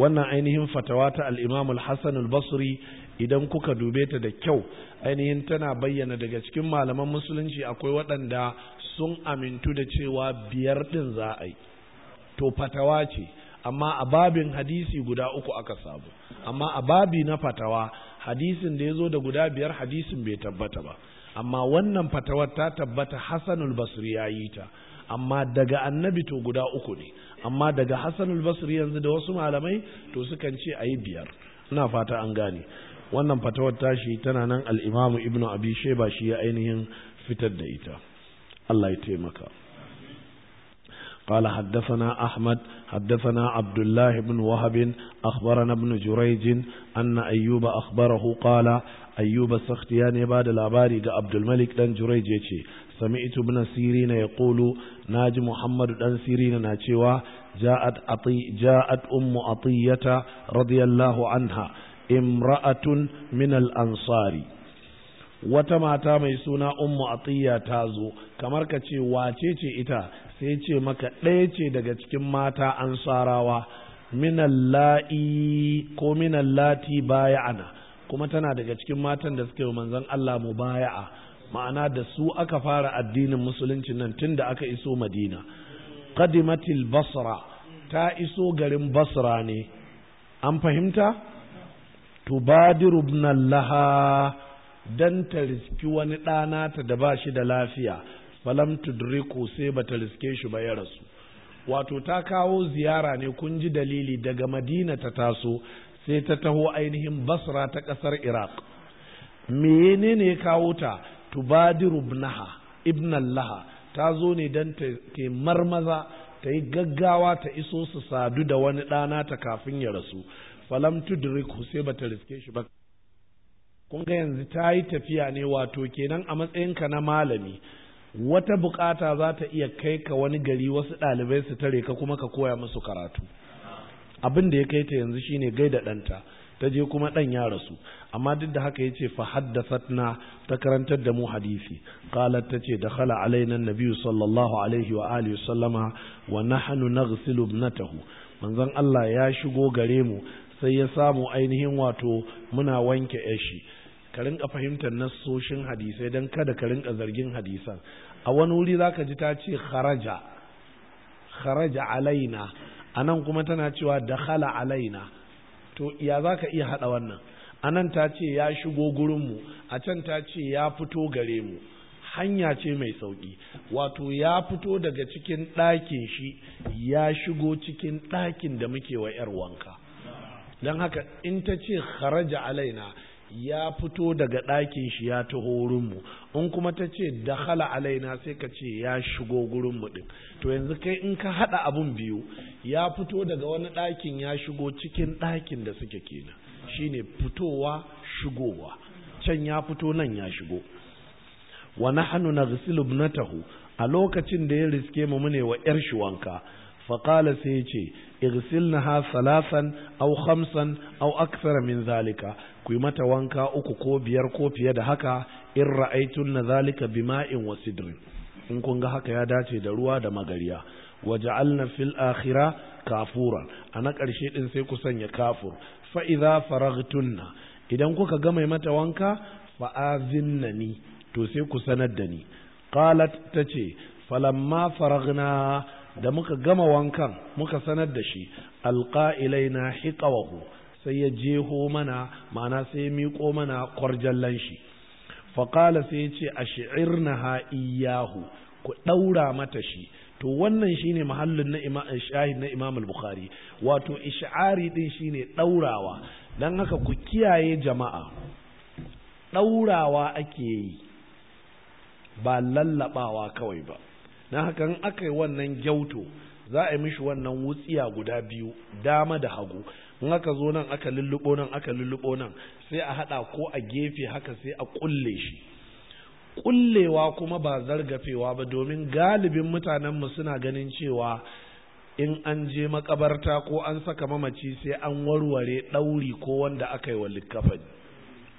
wannan ainihin fatawa ta alimamul imam al basri idan kuka dube ta da kyau ainihin tana bayyana daga cikin malaman musulunci akwai waɗanda sun amintu da cewa biyar ɗin za a yi to fatawa ce amma a babin hadisi guda uku aka sabu amma a babi na fatawa hadisin da ya zo da guda biyar hadisin bai tabbata ba amma wannan fatawar ta tabbata hasanul basri ya yi ta amma daga annabi to guda uku ne amma daga Hassanul basri yanzu da wasu malamai to sukan ce ayi biyar ina fata an gane wannan fatawar tashi tana nan al'imamu Ibnu Ibn Abi Shayba shi ya ainihin fitar da ita Allah ya taimaka قال حدثنا أحمد حدثنا عبد الله بن وهب أخبرنا ابن جريج أن أيوب أخبره قال أيوب السختياني بعد العباري عبد الملك دان جريج سمعت ابن سيرين يقول ناج محمد ɗan سيرين na جاءت أطي جاءت أم أطية رضي الله عنها امرأة من الأنصار wata mata mai suna ummu atiya ta zo kamar ka ce wace ce ita sai ce maka ɗaya ce daga cikin mata ansarawa minalla'i ko baya ana, kuma tana daga cikin matan da suka yi manzon Allah mubaya'a ma'ana da su aka fara addinin musulunci nan tun da aka iso madina Kadimatil basra ta iso garin basra ne an fahimta tubadiru laha dan ta riski wani ɗana ta da ba shi da lafiya falam tudriku sai ba ta riske shi ba ya rasu wato ta kawo ziyara ne kun ji dalili daga madina ta taso sai ta taho ainihin basra ta ƙasar iraq menene ne kawo ta tubadiru ibnaha ibnan laha ta zo ne don ta marmaza ta yi gaggawa ta iso su sadu da wani ɗana ta kafin ya rasu falam tudrik sai ta riske shi ba kun ga yanzu ta yi tafiya ne wato kenan a matsayinka na malami wata bukata za ta iya kai ka wani gari wasu ɗalibai su tare ka kuma ka koya musu karatu abin da ya kai ta yanzu shine gaida ɗanta ta je kuma ɗan ya rasu amma duk da haka ya ce fa na ta karantar da mu hadisi qalat tace dakhala alaina nabi sallallahu alaihi wa alihi sallama wa nahnu naghsilu ibnatahu manzon Allah ya shigo gare mu sai ya samu ainihin wato muna wanke ashi ka rinka fahimtar nasoshin hadisai dan kada ka rinka zargin hadisan a wani wuri zaka ji ta ce kharaja kharaja alaina anan kuma tana cewa dakhala alaina to ya za ka iya haɗa wannan a nan ta ce ya shigo gurinmu a can ta ce ya fito gare mu hanya ce mai sauƙi wato ya fito daga cikin ɗakin shi ya shigo cikin ɗakin da muke wa ‘yar wanka don haka in ta ce kharaja alaina ya fito daga ɗakin shi ya taho wurinmu in kuma ta ce dakhala alaina sai ka ce ya shigo gurinmu ɗin to yanzu kai in ka haɗa abun biyu ya fito daga wani ɗakin ya shigo cikin ɗakin da suke kenan shine fitowa shigowa can ya fito nan ya shigo Wani hannu wa nahnu na taho a lokacin da ya riske mu mune wa yar shi wanka faƙala sai ya ce irsilnaha salasan au khamsan au aksara min zalika kuyi mata wanka uku ko biyar ko fiye da haka in ra'aitun na zalika bima'in wa sidrin in kun ga haka ya dace da ruwa da magarya, waje ja'alna fil akhira kafura a na ƙarshe ɗin sai ku sanya kafur fa idza idan kuka gama mata wanka fa azinnani to sai ku sanar da ni qalat tace falamma faraghna da muka gama wankan muka sanar da shi alqa ilaina hiqawahu sai ya jeho mana mana sai ya miƙo mana kwarjallan shi faƙala sai ya ce a iyahu ku ɗaura mata shi to wannan shine mahallin na shahid na imam al-bukhari wato ish'ari din shine ɗaurawa don haka ku kiyaye jama'a ɗaurawa ake yi ba lallaɓawa kawai ba Na haka in aka yi wannan gyauto za a yi mishi wannan wutsiya guda biyu dama da hagu in aka zo nan aka lullubo nan aka lullubo nan sai a hada ko a gefe haka sai a kulle shi kullewa kuma ba zargafewa ba domin galibin mutanenmu suna ganin cewa in an je makabarta ko an saka mamaci sai an warware ɗauri ko wanda aka yi wa likkafani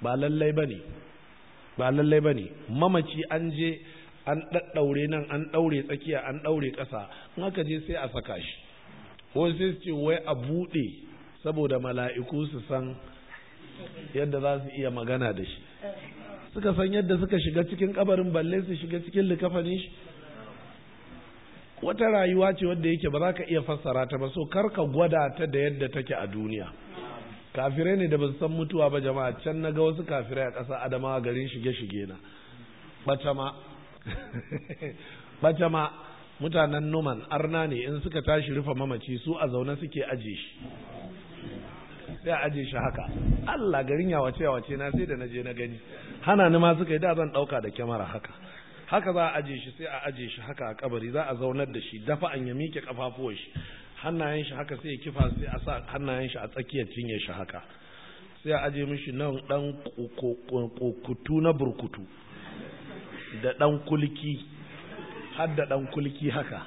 ba lallai ba ba lallai ba ne mamaci an je an ɗaɗɗaure nan an ɗaure tsakiya an ɗaure ƙasa in aka je sai a saka shi ko sai su ce wai a buɗe saboda mala'iku su san yadda za su iya magana da shi suka san yadda suka shiga cikin kabarin balle su shiga cikin likafani shi wata rayuwa ce wadda yake ba za ka iya fassara ta ba so kar ka gwada ta da yadda take a duniya kafirai ne da ban san mutuwa ba jama'a can na ga wasu kafirai a ƙasa adamawa garin shige-shige na bata ma bajama mutanen numan arna ne in suka tashi rufe mamaci su a zaune suke aje shi sai aje shi haka Allah garin ya wace wace na sai da naje na gani hana ni ma suka yi da zan ɗauka da kyamara haka haka za a aje shi sai a aje shi haka a kabari za a zaunar da shi dafa an ya miƙe kafafuwan shi hannayen shi haka sai ya kifa sai a sa hannayen shi a tsakiyar cinye shi haka sai a aje mishi nan ɗan kutu na burkutu da ɗan kulki har da ɗan kulki haka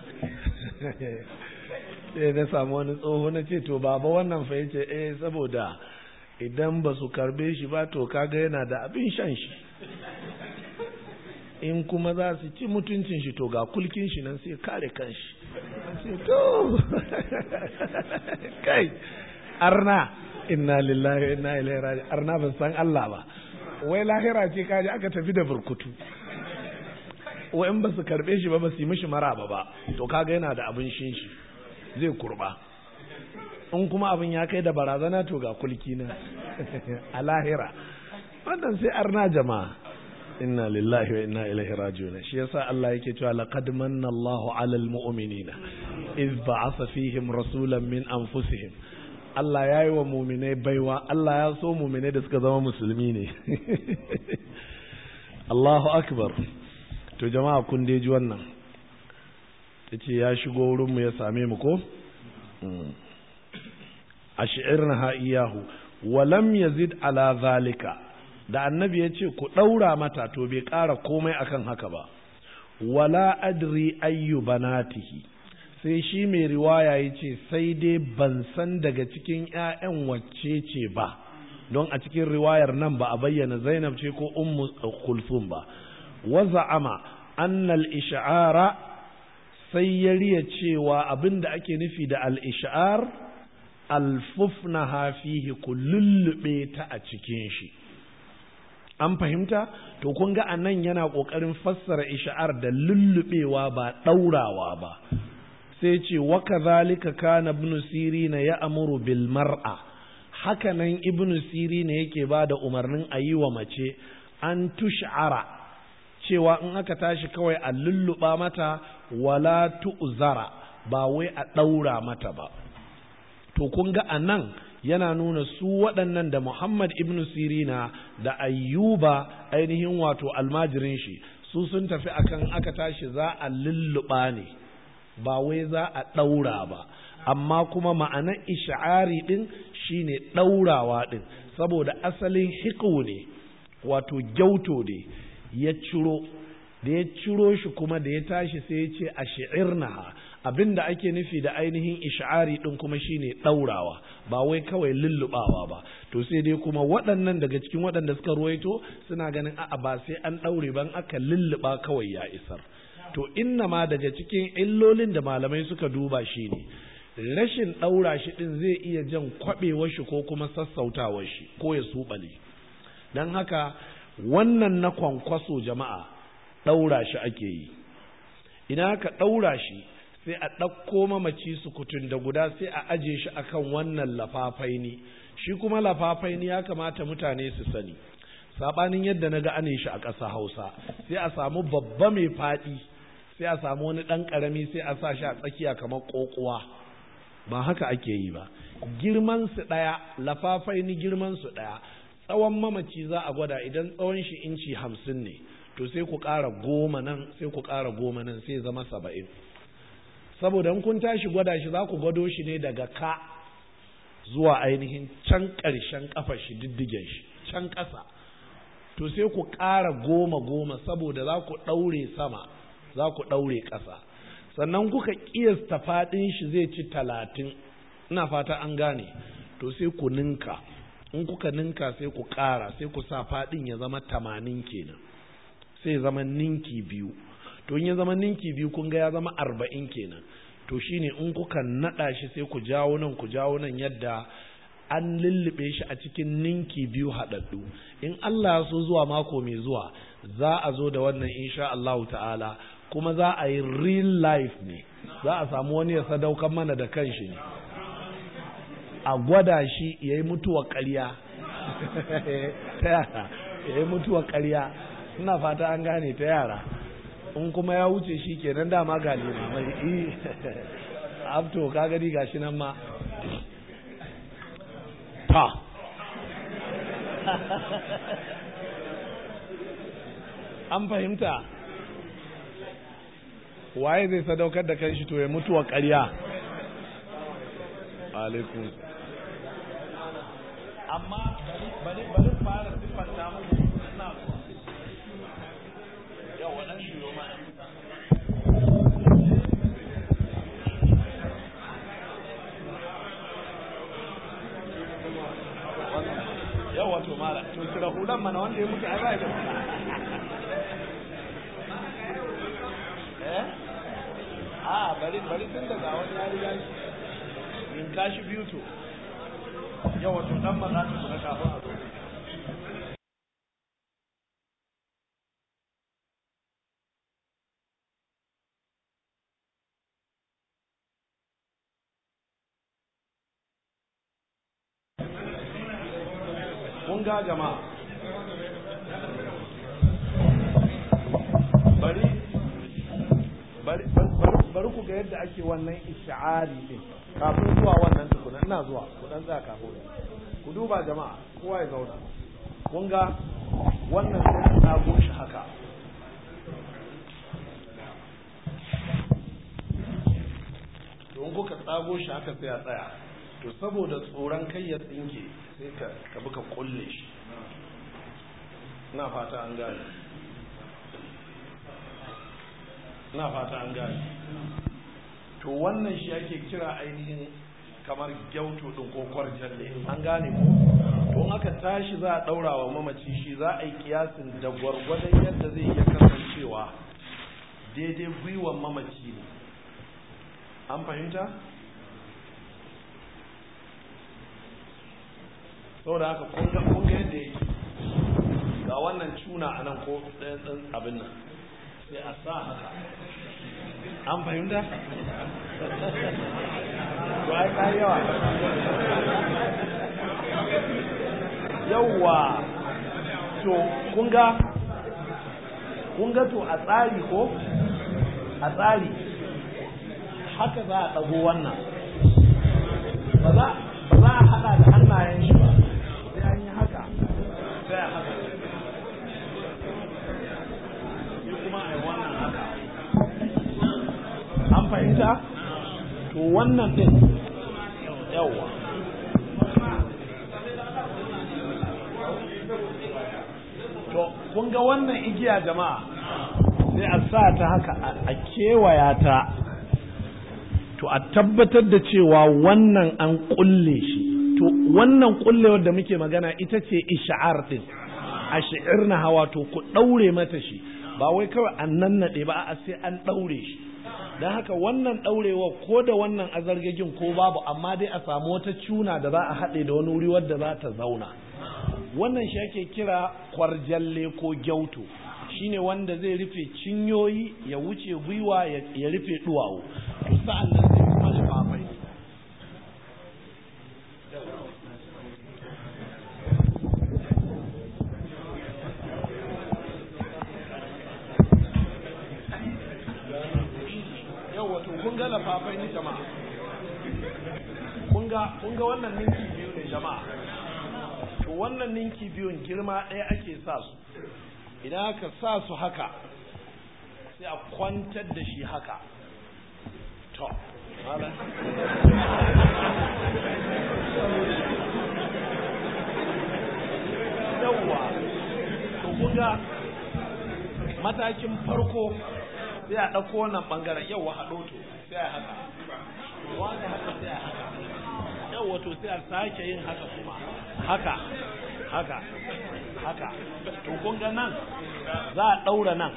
sai eh, na samu wani tsoho na ce to baba wannan fa yace eh saboda idan ba su karbe shi ba to kaga yana da abin shan shi in kuma za su ci mutuncin shi to ga kulkin shi nan sai kare kanshi
to kai
arna inna lillahi inna ilaihi raji arna ban san Allah ba wai lahira ce kaji aka tafi da burkutu wa'in ba su karbe shi ba ba su yi mishi maraba ba to kaga yana da abin shin shi zai kurba in kuma abin ya kai da barazana to ga kulki na a lahira wannan sai arna jama'a inna lillahi wa inna ilaihi raji'un shi yasa Allah yake cewa laqad manna Allahu 'alal mu'minina iz ba'atha fihim rasulan min anfusihim Allah ya yi wa muminai baiwa Allah ya so muminai da suka zama musulmi ne Allahu akbar to jama'a kun dai ji wannan ta ce ya shigo wurinmu ya same mu ko a ha walam yazid ala zalika da annabi ya ce ku ɗaura mata to bai ƙara komai akan haka ba wala adri ayyu banatihi sai shi mai riwaya ya ce sai dai ban san daga cikin 'ya'yan wacce ce ba don a cikin riwayar nan ba a bayyana zainab ce ko ummu kulfun ba waza'ama annal isha'ara sai ya riya cewa da ake nufi da al ish'ar alfufnaha fihi ta a cikin shi an fahimta to kun ga anan yana kokarin fassara isha'ar da lullubewa ba daurawa ba sai ce wa kadhalika kana ibn sirina amuru bil mar'a nan ibn sirina yake ba da umarnin ayi wa mace an tush'ara cewa in aka tashi kawai a lulluɓa mata wala tu'zara ba wai a ɗaura mata ba to kun ga a nan yana nuna su waɗannan da Muhammad ibn Sirina da Ayyuba ainihin wato almajirin shi su sun tafi akan aka tashi za a lulluɓa ne ba wai za a ɗaura ba amma kuma ma'anar isha'ari ɗin shine ɗaurawa ɗin saboda asalin hiƙo ne wato gyauto ne ya ciro da ya ciro shi kuma da ya tashi sai ya ce a shi'irnaha abinda ake nufi da ainihin ish'ari din kuma shine daurawa ba wai kawai lullubawa ba to sai dai kuma waɗannan daga cikin waɗanda suka ruwaito suna ganin a'a ba sai an daure ban aka lulluba kawai ya isar to inna ma daga cikin illolin da malamai suka duba shine rashin daura shi din zai iya jan kwabewar shi ko kuma sassautawa shi ko ya subale dan haka wannan na kwankwaso jama'a ɗaura shi ake yi ina ka ɗaura shi sai a ɗauko mamaci su kutun da guda sai a aje shi akan wannan lafafaini shi kuma lafafaini ya kamata mutane su sani saɓanin yadda na ga ane shi a ƙasa hausa sai a samu babba mai faɗi sai a samu wani ɗan ƙarami sai a sa shi a tsakiya kamar ƙoƙuwa ba haka ake yi ba girman su ɗaya lafafai girman su ɗaya tsawon mamaci za a gwada idan tsawon shi inci hamsin ne to sai ku ƙara goma nan sai ku ƙara goma nan sai zama saba'in saboda in kun tashi gwada shi za ku gwado shi ne daga ka zuwa ainihin can ƙarshen ƙafa shi diddigen shi can ƙasa to sai ku ƙara goma goma saboda za ku ɗaure sama za ku ɗaure ƙasa sannan kuka ƙiyasta faɗin shi zai ci talatin ina fata an gane to sai ku ninka in kuka ninka sai ku ƙara sai ku sa faɗin ya zama tamanin kenan sai zama ninki biyu to in ya zama ninki biyu kun ga ya zama arba'in kenan to shine in kuka naɗa shi sai ku jawo nan ku jawo nan yadda an lullube shi a cikin ninki biyu haɗaɗɗu in Allah so zuwa mako mai zuwa za a zo da wannan insha Allah ta'ala kuma za a yi real life ne za a samu wani ya sadaukar mana da kanshi ne a gwada shi ya yi mutuwa ƙarya ta yara ya yi mutuwa ƙarya suna fata an gane ta yara in kuma ya wuce shi ke nan dama ga mai yi abto ka gani ga shi nan ma ta an fahimta waye zai sadaukar da kanshi to ya mutuwa ƙarya alaikun
amma bari bari fara
siffanta muku ina yau wannan shiro ma yau wato mara to kira hulan mana wanda ya aiba da eh a ah, bari bari tun daga wani
kashi biyu to yawa to dan maza su na kafin a zo kun
ku ga yadda ake wannan isha'ari din ina zuwa ku dan tsaya kafin ku duba jama'a kowa ya zauna kun ga wannan sai na goshi haka don kuka tsago shi haka sai ya tsaya to saboda tsoron kai ya tsinke sai ka ka buka kulle shi ina fata an gane ina fata an gane to wannan shi ake kira ainihin kamar gyauto din ko ne an gane ko to in aka tashi za a daura wa mamaci shi za a yi kiyasin da gwargwadon yadda zai iya kasancewa daidai gwiwan mamaci ne an fahimta saboda haka kunga kunga yadda yake ga wannan cuna a nan ko ɗan abin nan sai a sa haka
an fahimta yawa
to kunga kunga to a tsari ko
a tsari haka za a ɗago wannan ba za a haɗa da hannayen shi ba sai an yi haka sai a haka yi kuma a yi wannan haka an fahimta
to wannan ɗin yawwa to kun ga wannan igiya jama'a sai a sa ta haka a kewaya ta to a tabbatar da cewa wannan an kulle shi to wannan kullewar da muke magana ita ce isha'ar din a shi na hawa to ku ɗaure mata shi ba wai kawai an nannaɗe ba a sai an ɗaure shi don haka wannan ɗaurewa ko da wannan azargagin ko babu amma dai a samu wata cuna da za a haɗe da wani wuri wadda za ta zauna wannan shi ake kira kwarjalle ko gyauto shine wanda zai rufe cinyoyi ya wuce gwiwa ya rufe duwawu sa'an nan kuma kun ga lafafai ni jama'a kun ga kun ga wannan ninki biyu ne jama'a to wannan ninki biyun girma ɗaya ake sa su idan aka sa su haka sai a kwantar da shi haka to yawwa to kun ga matakin farko sai a ɗauko wannan ɓangaren yau haɗo to sai a haka
wani haka sai a haka yau wato sai a sake yin haka kuma haka haka
haka to kun ga nan za a ɗaura nan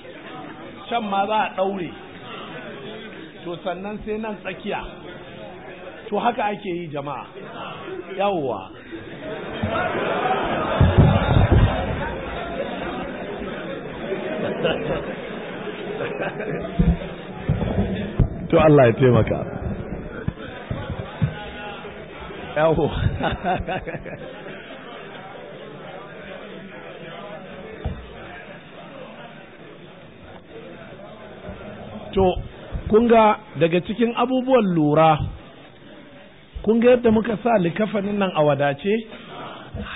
can ma za a ɗaure to sannan sai nan tsakiya
to haka ake yi
jama'a yawwa
Thank you.
to Allah ya taimaka yawo to kun ga daga cikin abubuwan lura kun ga yadda muka sa likafanin nan a wadace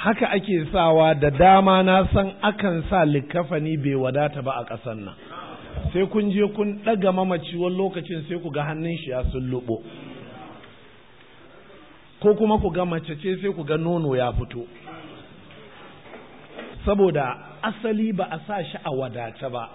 haka ake sawa da dama na san akan sa likafani bai wadata ba a ƙasar nan sai kun je kun ɗaga mamaci wani lokacin sai ku ga hannun shi ya sulluɓo ko kuma ku ga mace ce sai ku ga nono ya fito saboda asali ba a sa shi a wadata ba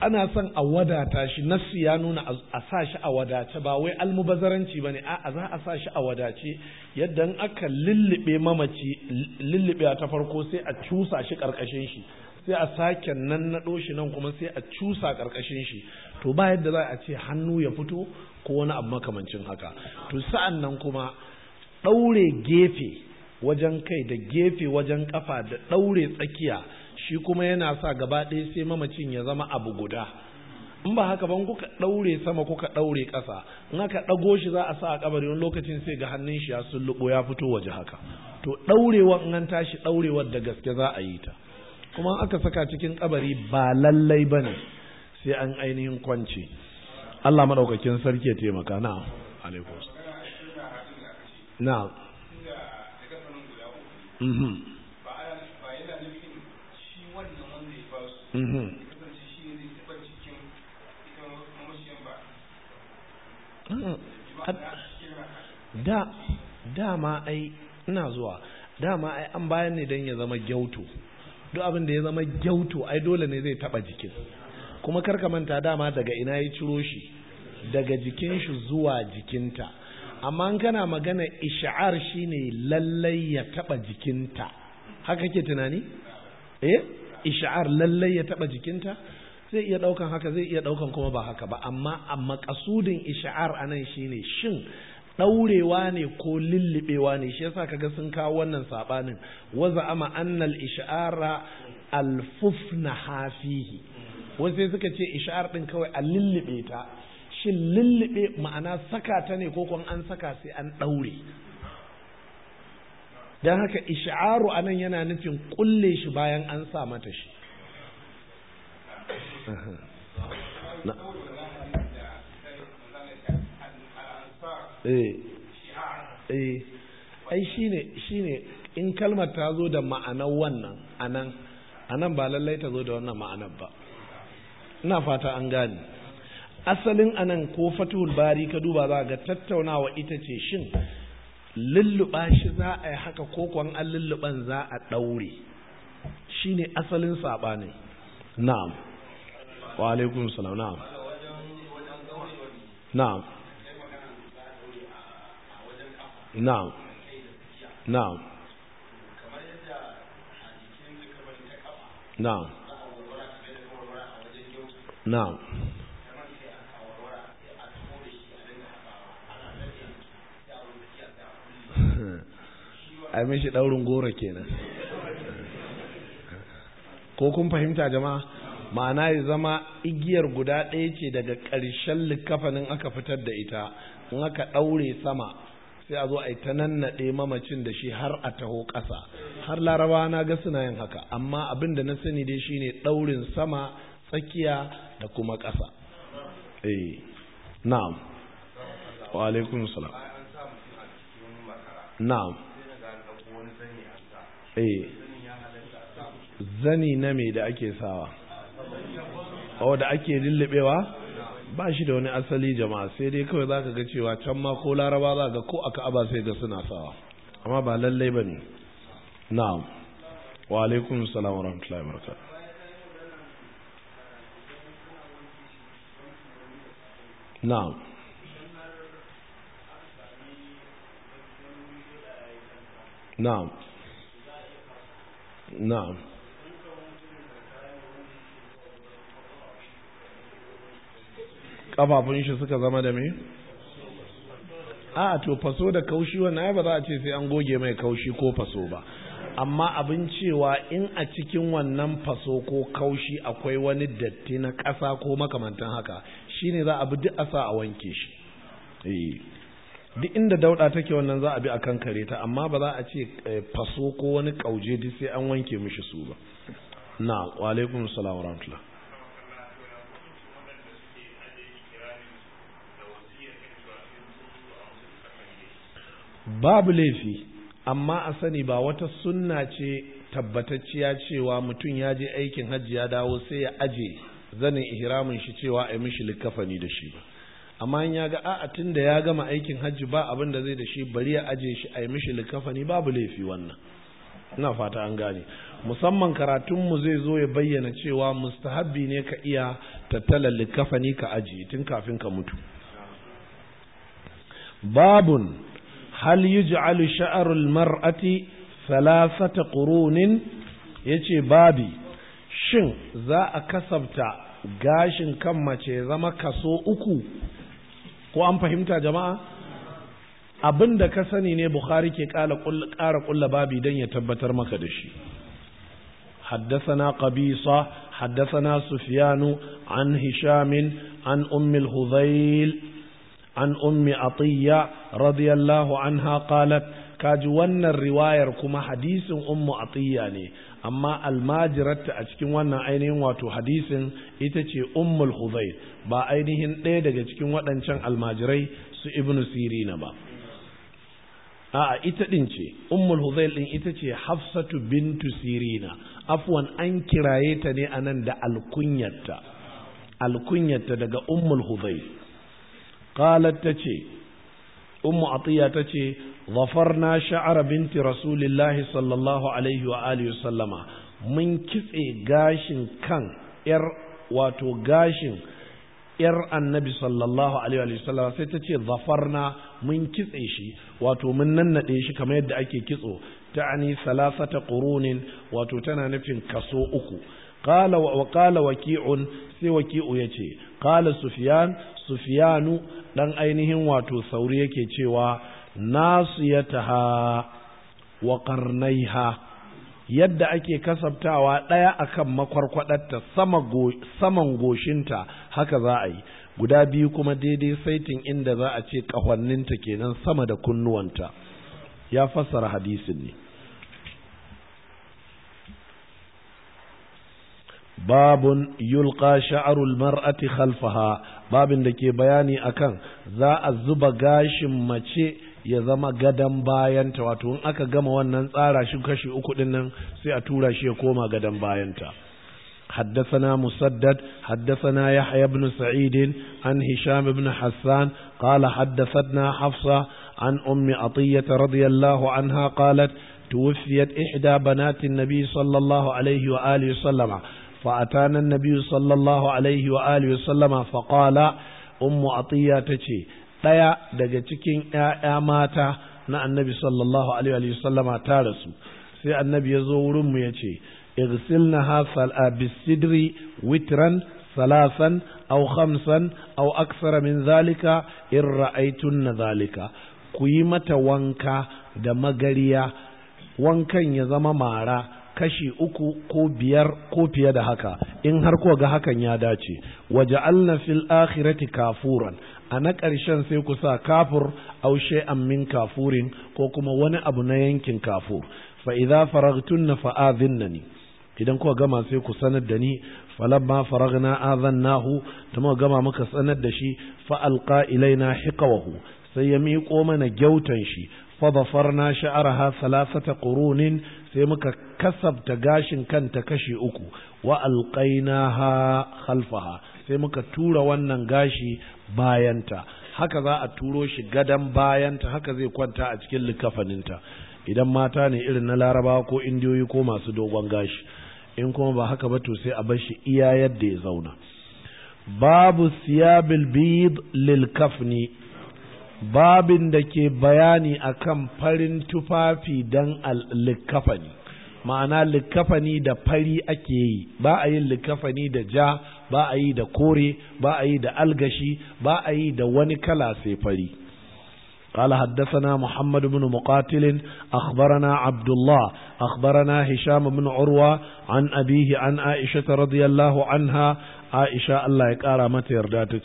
ana son a wadata shi nassi ya nuna a sa shi a wadace ba wai almubazaranci ba ne a za a sa shi a wadace yadda aka lullube mamaci lullube ta farko sai a cusa shi ƙarƙashin shi sai a sake nan naɗo shi nan kuma sai a cusa ƙarƙashin shi to ba yadda za a ce hannu ya fito ko wani abu makamancin haka to sa'an nan kuma ɗaure gefe wajen kai da gefe wajen kafa da ɗaure tsakiya shi kuma yana sa gaba ɗaya sai mamacin ya zama abu guda in ba haka ban kuka ɗaure sama kuka ɗaure ƙasa in aka ɗago shi za a sa a kabari wani lokacin sai ga hannun shi ya sulluɓo ya fito waje haka to ɗaurewa in an tashi ɗaurewar da gaske za a yi ta kuma aka saka cikin kabari ba lallai ba ne sai an ainihin kwanci Allah maɗaukakin sarki ya taimaka na alaikum na mhm.
mhm. ah,
da dama ai ina zuwa dama ai an bayan ne don ya zama gyautu duk abin da ya zama gyautu ai dole ne zai taba jikin kuma karka manta dama daga ina ya ciro shi daga jikin shi zuwa jikinta amma in kana magana ish'ar shine lallai ya taba jikinta haka ke tunani eh ish'ar lallai ya taba jikinta zai iya daukan haka zai iya daukan kuma ba haka ba amma amma kasudin ish'ar anan shine shin ɗaurewa ne ko lullubewa ne shi yasa kaga sun kawo wannan sabanin waza ama annal ish'ara alfufna hafihi wasu suka ce ish'ar din kawai a lullube ta shin lullube ma'ana saka ta ne ko kuma an saka sai an ɗaure don haka ish'aru anan yana nufin kulle shi bayan an sa mata shi Eh. eh ai shine shine in kalmar ta zo da ma'anar wannan anan anan ba lallai ta zo da wannan ma'anar ba ina fata an gane asalin anan ko fatuhul bari ka duba za ga tattaunawa ita ce shin lulluɓa shi za a yi haka ko kwan an lulluɓan za a ɗaure shine asalin ne. na'am wa alaikum salam na'am na'am na'am na'am na'am na'am a shi daurin goro kenan ko kun fahimta jama'a ma'ana ya zama igiyar guda ɗaya ce daga ƙarshen likafanin aka fitar da ita in aka ɗaure sama sai a zo a yi ta nannaɗe mamacin da shi har a taho ƙasa har laraba na ga suna yin haka amma abin da na sani dai shine ɗaurin sama tsakiya da kuma ƙasa eh na'am
wa alaikum salam na'am eh
zani na me da ake sawa o oh, da ake lullubewa ba shi da wani asali jama'a sai dai kawai za ka ga cewa can ma ko laraba za ga ko aka aba sai ga suna sawa amma ba lallai ba ne na'am wa alaikun salam wa rahmatullahi wa na'am na'am na'am kafafun shi suka zama da me a to faso da kaushi wannan ai ba za a ce sai an goge mai kaushi ko faso ba amma abin cewa in a cikin wannan faso ko kaushi akwai wani datti na ƙasa ko makamantan haka shine za a bi duk asa a wanke shi eh. duk inda dauɗa take wannan za a bi akan kare ta amma ba za a ce eh, faso ko wani kauje duk sai an wanke mishi su ba na wa alaikum salam wa rahmatullah babu laifi amma a sani ba wata sunna ce tabbatacciya cewa mutum ya je aikin hajji ya dawo sai ya aje zanin ihramin shi cewa a mishi likafani da shi ba amma in ya ga a'a tun da ya gama aikin hajji ba abin da zai da shi bari ya aje shi a mishi likafani babu laifi wannan ina fata an gane musamman karatunmu zai zo ya bayyana cewa mustahabbi ne ka iya tattala likafani ka aje tun kafin ka mutu babun hal yuj'alu sha'arul mar'ati salasata qurunin yace babi shin za a kasabta gashin kan mace zama kaso uku ko an fahimta jama'a abin da ka sani ne bukhari ke ƙara ƙulla babi don ya tabbatar maka da shi حدثنا قبيصة حدثنا سفيان عن هشام عن أم الهذيل an ummi atiyya radiyallahu anha qalat kaji wannan riwayar kuma hadisin ummu atiyya ne amma almajirarta a cikin wannan ainihin wato hadisin ita ce ummul huzai ba ainihin ɗaya daga cikin waɗancan almajirai su ibnu sirina ba a'a ita ɗin ce ummul huzail ɗin ita ce hafsatu bintu sirina afwan an kiraye ta ne anan da alkunyarta alkunyarta daga ummul huzail qalat tace ummu atiya tace zafarna sha'ara binti rasulillahi sallallahu alaihi wa alihi sallama mun kitse gashin kan yar wato gashin yar annabi sallallahu alaihi wa sallam sai ta ce zafarna mun kitse shi wato mun nannade shi kamar yadda ake kitso ta'ani salasata qurunin wato tana nufin kaso uku qala wa qala waki'un sai waki'u yace قال سفيان سفيان دان ainihin wato sauri yake cewa nasiyataha wa qarnaiha yadda ake kasabtawa ɗaya akan makwarkwadarta sama go, saman goshinta haka za a yi guda biyu kuma daidai saitin inda za a ce ƙahwanninta kenan sama da kunnuwanta ya fassara hadisin ne babun yulka sha'arul mar'ati khalfaha babin da ke bayani akan za a zuba gashin mace ya zama gadan bayanta wato in aka gama wannan tsara shi kashi uku din nan sai a tura shi ya koma gadan bayanta حدثنا مسدد حدثنا يحيى بن سعيد عن هشام بن حسان قال حدثتنا حفصة عن أم عطية رضي الله عنها قالت توفيت إحدى بنات النبي صلى الله عليه وآله وسلم فأتانا النبي صلى الله عليه وآله وسلم فقال أم عطية تشي ɗaya daga cikin ‘ya'ya mata na annabi sallallahu alaihi sallama ta rasu sai annabi ya zo wurinmu ya ce irsilna ha bisidri witran salasan au khamsan au aksara min zalika in ra'aitun zalika ku yi mata wanka da magarya wankan ya zama mara kashi uku ko biyar ko fiye da haka in har kuwa ga hakan ya dace waje fil akhirati kafuran a na ƙarshen sai ku sa kafur aushe shay'an min kafurin ko kuma wani abu na yankin kafur fa idza faragtunna fa adhinnani idan kuka gama sai ku sanar da ni falamma faragna adhannahu muka gama muka sanar da shi fa alqa ilaina hiqawahu sai ya miƙo mana gyautan shi fadafarna sha'araha salasata kurunin, sai muka kasafta gashin kanta kashi uku wa alqainaha khalfaha sai muka tura wannan gashi bayanta haka za a turo shi gadan bayanta haka zai kwanta a cikin likafaninta idan mata ne irin na larabawa ko indiyoyi ko masu dogon gashi in kuma ba haka ba to sai a bar shi iya yadda ya zauna babu siyabil bid lil babin da ke bayani a kan farin tufafi don likkafani ma'ana likkafani da fari ake yi ba a yi likafani da ja ba a yi da kore ba a yi da algashi ba a yi da wani kala sai fari قال حدثنا محمد بن مقاتل أخبرنا عبد الله أخبرنا هشام بن عروة عن أبيه عن عائشة رضي الله عنها عائشة الله يكارمت يرداتك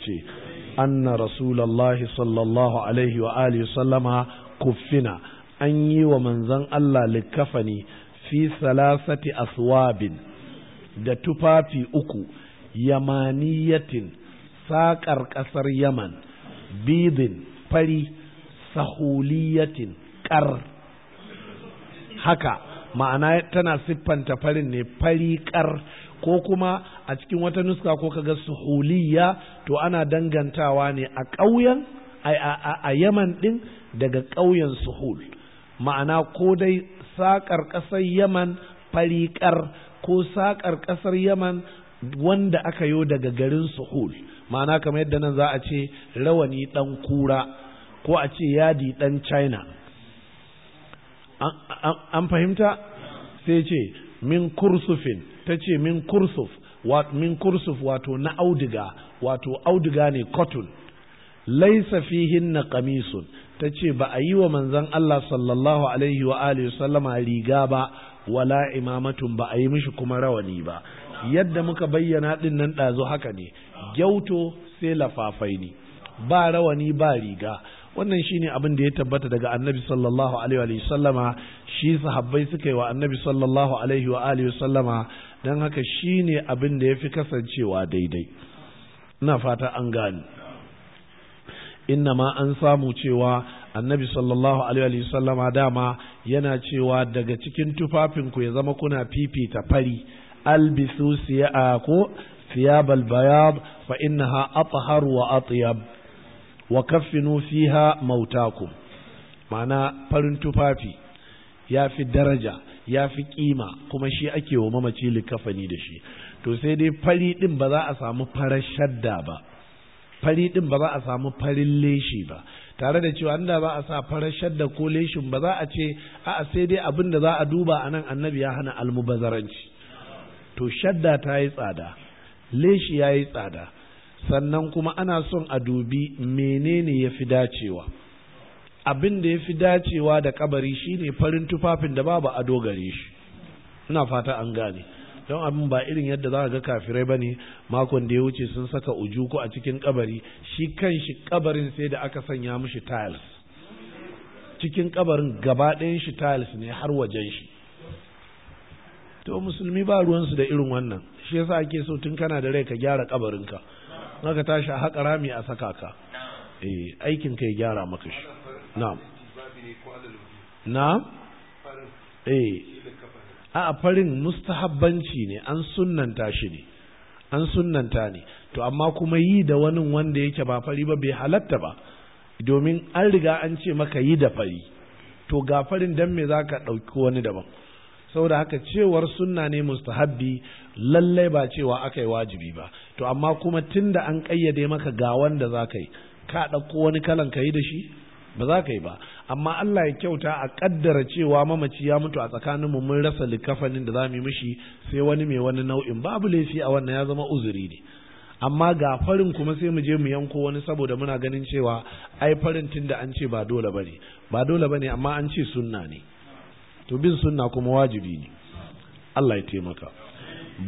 anna rasulallahi sallallahu alaihi wa sallama kuffina an yi wa manzon Allah likafani fi salasati aswabin da tufafi uku yamaniyatin saƙar ƙasar yaman bidin fari sahuliyatin ƙar haka ma'ana tana siffanta farin ne fari ƙar ko kuma a cikin wata nuska ko ka ga suhuliya to ana dangantawa ne a ƙauyen a yaman ɗin daga ƙauyen suhul ma'ana ko dai saƙar ƙasar yaman fariƙar ko saƙar ƙasar yaman wanda aka yo daga garin suhul ma'ana kamar yadda nan za a ce rawani ɗan kura ko a ce yadi ɗan china an fahimta sai ce min kursufin ta ce min kursuf min kursuf wato na auduga wato auduga ne cotton laisa kamisun qamisun tace ba a yi wa manzon Allah sallallahu alaihi wa alihi sallama riga ba wala imamatun ba a yi mishi kuma rawani ba yadda muka bayyana din nan dazo haka ne gyauto sai lafafai ne ba rawani ba riga wannan shine abin da ya tabbata daga annabi sallallahu alaihi wa sallama shi sahabbai suka yi wa annabi sallallahu alaihi wa alihi sallama don haka shi ne abin da ya fi kasancewa daidai ina fata an gani inna ma an samu cewa annabi sallallahu alaihi sallama dama yana cewa daga cikin tufafinku ya zama kuna fifita fari albisu siya ko fa innaha البياض wa أطهر wa kaffinu fiha mautakum Ma'ana farin tufafi ya fi daraja. ya fi kima kuma shi ake wa mamaci likafani da shi to sai dai fari din ba za a samu farar shadda ba fari din ba za a samu farin leshi ba tare da cewa inda ba a sa farar shadda ko leshin ba za a ce a sai dai abin da za a duba a nan annabi ya hana almubazaranci to shadda ta yi tsada leshi ya yi tsada sannan kuma ana son a dubi menene ya fi dacewa abin da ya fi dacewa da kabari shine farin tufafin da babu ado gare shi ina fata an gane don abin ba irin yadda za ga kafirai ba ne makon da ya wuce sun saka ujuku a cikin kabari shi kan shi kabarin sai da aka sanya mishi tiles cikin kabarin gaba ɗayan shi tiles ne har wajen shi to musulmi ba ruwansu da irin wannan shi yasa ake so tun kana da rai ka gyara kabarinka ka tashi a haƙa rami a saka ka eh aikin ka ya gyara maka
shi na'am na'am eh
a farin mustahabbanci ne an sunnanta shi ne an sunnanta ne to amma kuma yi da wani wanda yake ba fari ba bai halatta ba domin an riga an ce maka yi da fari to ga farin dan me zaka ɗauki wani daban saboda haka cewar sunna ne mustahabbi lallai ba cewa aka yi wajibi ba to amma kuma tunda an ƙayyade maka ga wanda zaka yi ka ɗauko wani kalan ka yi da shi ba za ka yi ba amma Allah ya kyauta a kaddara cewa mamaci ya mutu a tsakanin mu mun rasa likafanin da za mu yi mishi sai wani mai wani nau'in babu laifi a wannan ya zama uzuri ne amma ga farin kuma sai mu je mu yanko wani saboda muna ganin cewa ai farin tun da an ce ba dole bane ba dole bane amma an ce sunna ne to bin sunna kuma wajibi ne Allah ya taimaka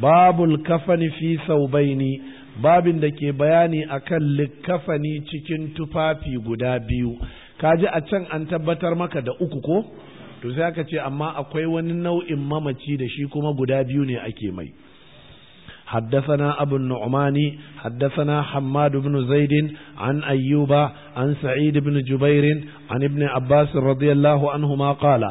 babul kafani fi saubaini babin da ke bayani akan likkafani cikin tufafi guda biyu ka ji a can an tabbatar maka da uku ko to sai aka ce amma akwai wani nau'in mamaci da shi kuma guda biyu ne ake mai حدثنا أبو النعمان حدثنا حماد بن زيد عن أيوب عن سعيد بن جبير عن ابن عباس رضي الله عنهما قال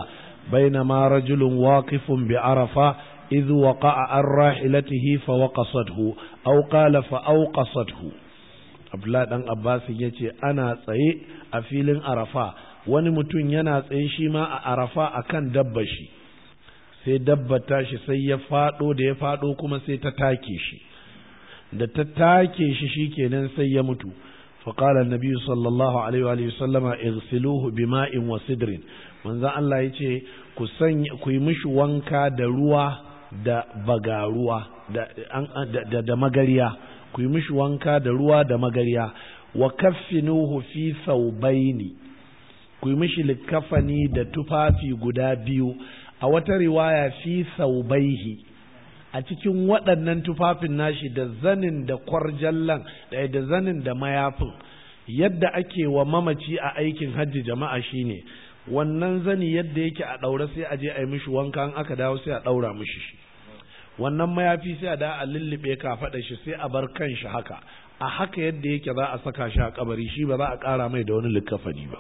بينما رجل واقف بعرفة إذ وقع عن راحلته فوقصته أو قال فأوقصته abdullahi dan abbas ya ce ana tsaye a filin arafa wani mutum yana tsaye shi ma a arafa akan dabba shi sai dabba shi sai ya fado da ya faɗo kuma sai ta take shi da ta take shi shi shikenan sai ya mutu فقال النبي صلى الله عليه وآله وسلم اغسلوه بماء وسدر manzo Allah yace ku sanya ku yi mishi wanka da ruwa da bagaruwa da da, da magariya ku yi mishi wanka da ruwa da magarya wa kaffinuhu fi thawbaini ku yi mishi likafani da tufafi guda biyu a wata riwaya fi thawbaihi a cikin waɗannan tufafin nashi da zanin da kwarjallan eh, da zanin da mayafin yadda ake wa mamaci a aikin hajji jama'a shine wannan zani yadda yake a ɗaure sai a je a yi mishi wanka aka dawo sai a ɗaura mishi shi wannan mayafi sai a da a lullube ka faɗa shi sai a bar kan shi haka a haka yadda yake za a saka shi a kabari shi ba za a ƙara mai da wani likkafani ba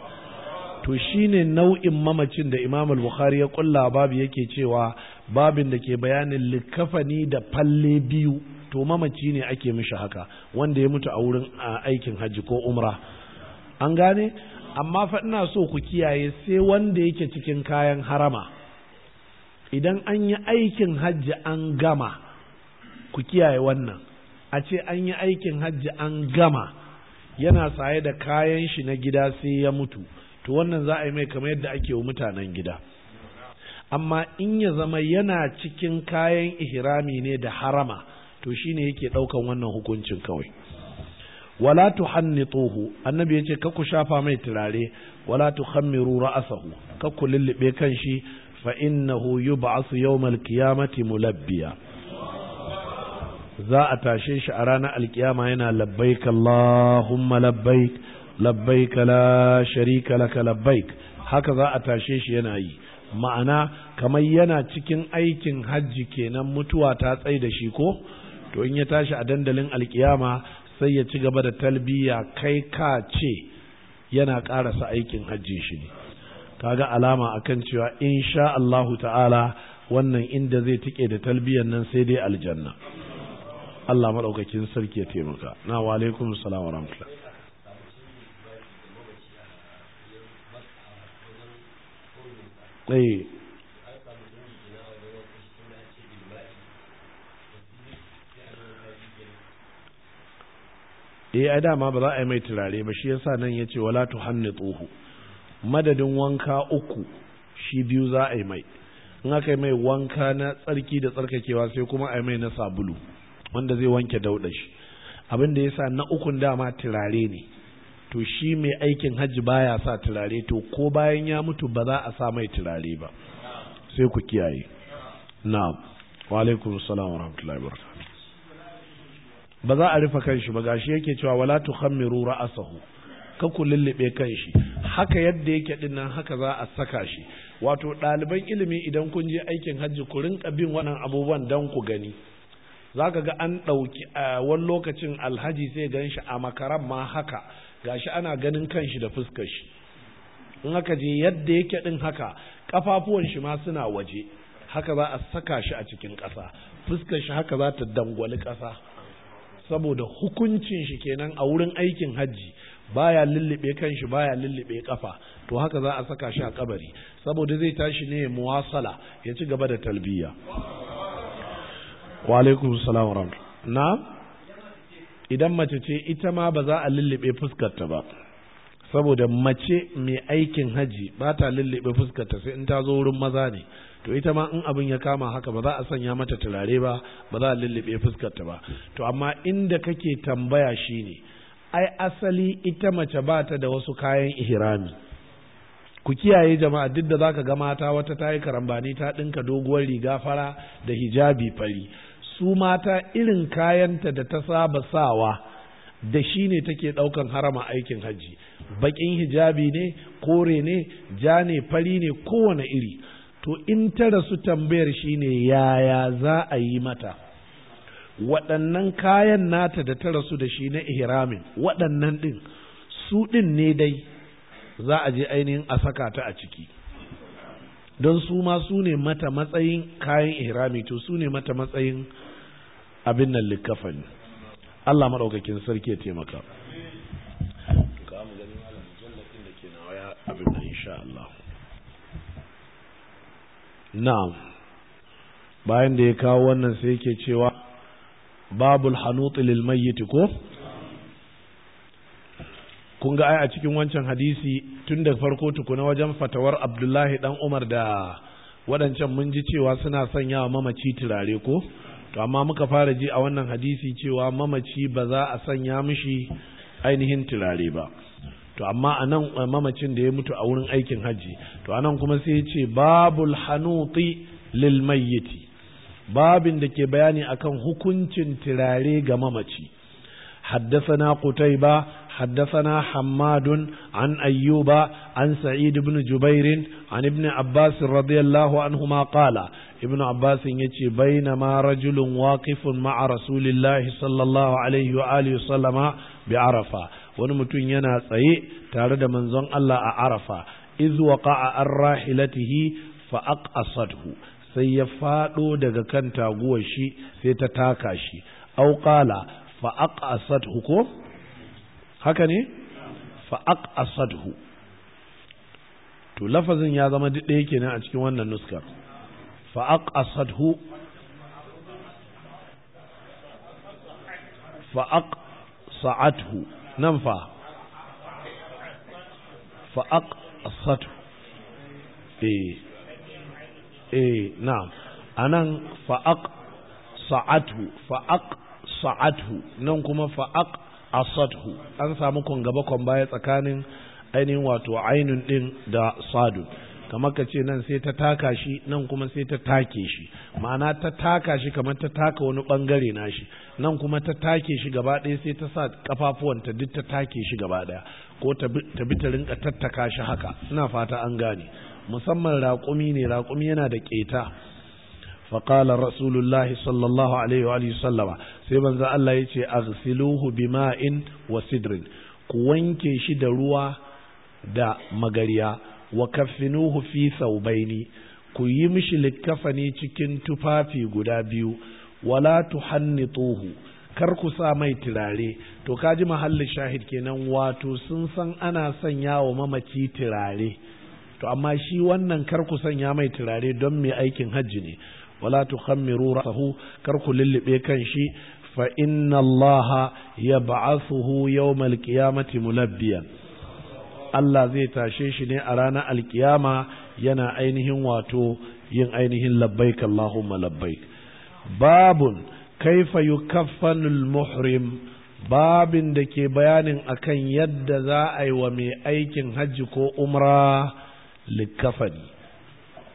to shine nau'in mamacin da Imam bukhari ya kulla babu yake cewa babin da ke bayanin likkafani da falle biyu to mamaci ne ake mishi haka wanda ya mutu a wurin aikin hajji ko umra an gane amma fa ina so ku kiyaye sai wanda yake cikin kayan harama idan an yi aikin hajji an gama ku kiyaye wannan a ce an yi aikin hajji an gama yana saye da kayan shi na gida sai ya mutu to wannan za a yi mai kamar yadda ake wa mutanen gida amma in ya zama yana cikin kayan ihrami ne da harama to shine yake ɗaukan wannan hukuncin kawai wala tuhannituhu annabi yace ka ku shafa mai turare wala tuhammiru ra'sahu ka ku lullube shi fa innahu yub'asu yawmal qiyamati mulabbiya za a tashe shi a ranar alkiyama yana labbaik Allahumma labbaik labbaik la sharika laka labbaik haka za a tashe shi yana yi ma'ana kamar yana cikin aikin hajji kenan mutuwa ta tsai da shi ko to in ya tashi a dandalin alkiyama sai ya ci gaba da talbiya kai ka ce yana ƙarasa aikin hajji shi ne kaga alama akan cewa insha Allahu ta'ala wannan inda zai tike da talbiyan nan sai dai aljanna Allah madaukakin sarki ya taimaka na wa alaikum salam wa rahmatullah eh. eh ai dama ba za a yi mai turare ba shi yasa nan yace wala tuhannituhu madadin wanka uku shi biyu za a yi mai in aka yi mai wanka na tsarki da tsarkakewa sai kuma a yi mai na sabulu wanda zai wanke dauɗa shi abin da ya sa na ukun dama turare ne to shi mai aikin hajji baya sa turare to ko bayan ya mutu ba za a sa mai turare ba sai ku kiyaye na'am wa alaikum salam wa rahmatullahi wa ba za a rufe shi ba gashi yake cewa wala tukhammiru ra'asahu ka ku lullube kan shi haka yadda yake din nan haka za a saka shi wato ɗaliban ilimi idan kun je aikin hajji ku rinka bin wannan abubuwan don ku gani za ka ga an ɗauki wani lokacin alhaji sai gan shi a makaran ma haka Ga shi ana ganin kan shi da fuskar shi in haka je yadda yake din haka kafafuwan shi ma suna waje haka za a saka shi a cikin ƙasa fuskar shi haka za ta dangwali ƙasa saboda hukuncin shi kenan a wurin aikin hajji baya lullube kanshi baya lullube kafa to haka za a saka shi a kabari saboda zai tashi ne muwasala ya ci gaba da talbiya wa alaikum salam wa na idan mace ce ita ma ba za a lullube fuskarta ba saboda mace mai aikin haji ba ta lullube fuskarta sai in ta zo wurin maza ne to ita ma in abin ya kama haka ba za a sanya mata turare ba ba za a lullube fuskarta ba to amma inda kake tambaya shine ai asali ita mace ba ta da wasu kayan ihrami ku kiyaye jama'a duk da zaka ga mata wata ta yi karambani ta dinka doguwar riga fara da hijabi fari su mata irin kayanta da ta saba sawa da shi ne take ɗaukan harama aikin hajji baƙin hijabi ne kore ne ja ne fari ne kowane iri to in ta rasu tambayar shine yaya za a yi mata waɗannan kayan nata da ta rasu da shi na ihramin waɗannan ɗin su ɗin ne dai za a je ainihin a saka ta a ciki don su ma su ne mata matsayin kayan ihrami to su ne mata matsayin abin nan likafan Allah maɗaukakin sarki ya taimaka na'am bayan da ya kawo wannan sai yake cewa babul hanut lil mayyit ko kun ga ai a cikin wancan hadisi tun da farko tukuna wajen fatawar Abdullahi dan Umar da waɗancan mun ji cewa suna sanya wa mamaci turare ko to amma muka fara ji a wannan hadisi cewa mamaci ba za a sanya mishi ainihin turare ba to amma a nan mamacin da ya mutu a wurin aikin hajji to anan kuma sai ya ce babul hanuti lil mayyiti babin da ke bayani akan hukuncin turare ga mamaci حدثنا قتيبة حدثنا حماد عن أيوب عن سعيد بن جبير عن ابن عباس رضي الله عنهما قال ابن عباس يتي بينما رجل واقف مع رسول الله صلى الله عليه وآله وسلم بعرفة ونمتن ينا سعي تارد منزون الله عرفة إذ وقع الراحلته فأقصده sai ya faɗo daga kan taguwar shi sai ta taka shi auƙala fa'aƙasadhu ko haka ne fa'aƙasadhu to lafazin ya zama duk ɗaya kenan a cikin wannan nuskar Fa'aƙ fa'aƙsa'athu nan fa fa'aƙasadhu eh eh na'am anan fa'aq sa'athu fa'aq sa'athu nan kuma fa'aq asadhu an samu kun gaba kun baya tsakanin ainihin wato ainun din da sadu kamar ka ce nan sai ta taka shi nan kuma sai ta take shi ma'ana ta taka shi kamar ta taka wani bangare na shi nan kuma ta take shi gaba ɗaya sai ta sa kafafuwanta duk ta take shi gaba ɗaya ko ta bi ta rinka tattaka shi haka ina fata an gane musamman raƙumi ne raƙumi yana da ƙeta faƙala rasulullahi sallallahu alaihi wa sallama sai manzo Allah ya ce aghsiluhu bima'in wa sidrin ku wanke shi da ruwa da magariya wa kaffinuhu fi saubaini ku yi mishi likkafani cikin tufafi guda biyu wala tuhannituhu kar ku sa mai tirare to kaji mahallin shahid kenan wato sun san ana sanya wa mamaci tirare. to amma shi wannan kar ku sanya mai turare don mai aikin hajji ne wala tukhammiru rasahu kar ku lullube kan shi fa inna allaha yab'athuhu yawmal qiyamati mulabbiyan Allah zai tashe shi ne a ranar alkiyama yana ainihin wato yin ainihin labbaik Allahumma labbaik babun kaifa yukaffanul muhrim babin da ke bayanin akan yadda za a yi wa mai aikin hajji ko umra likafani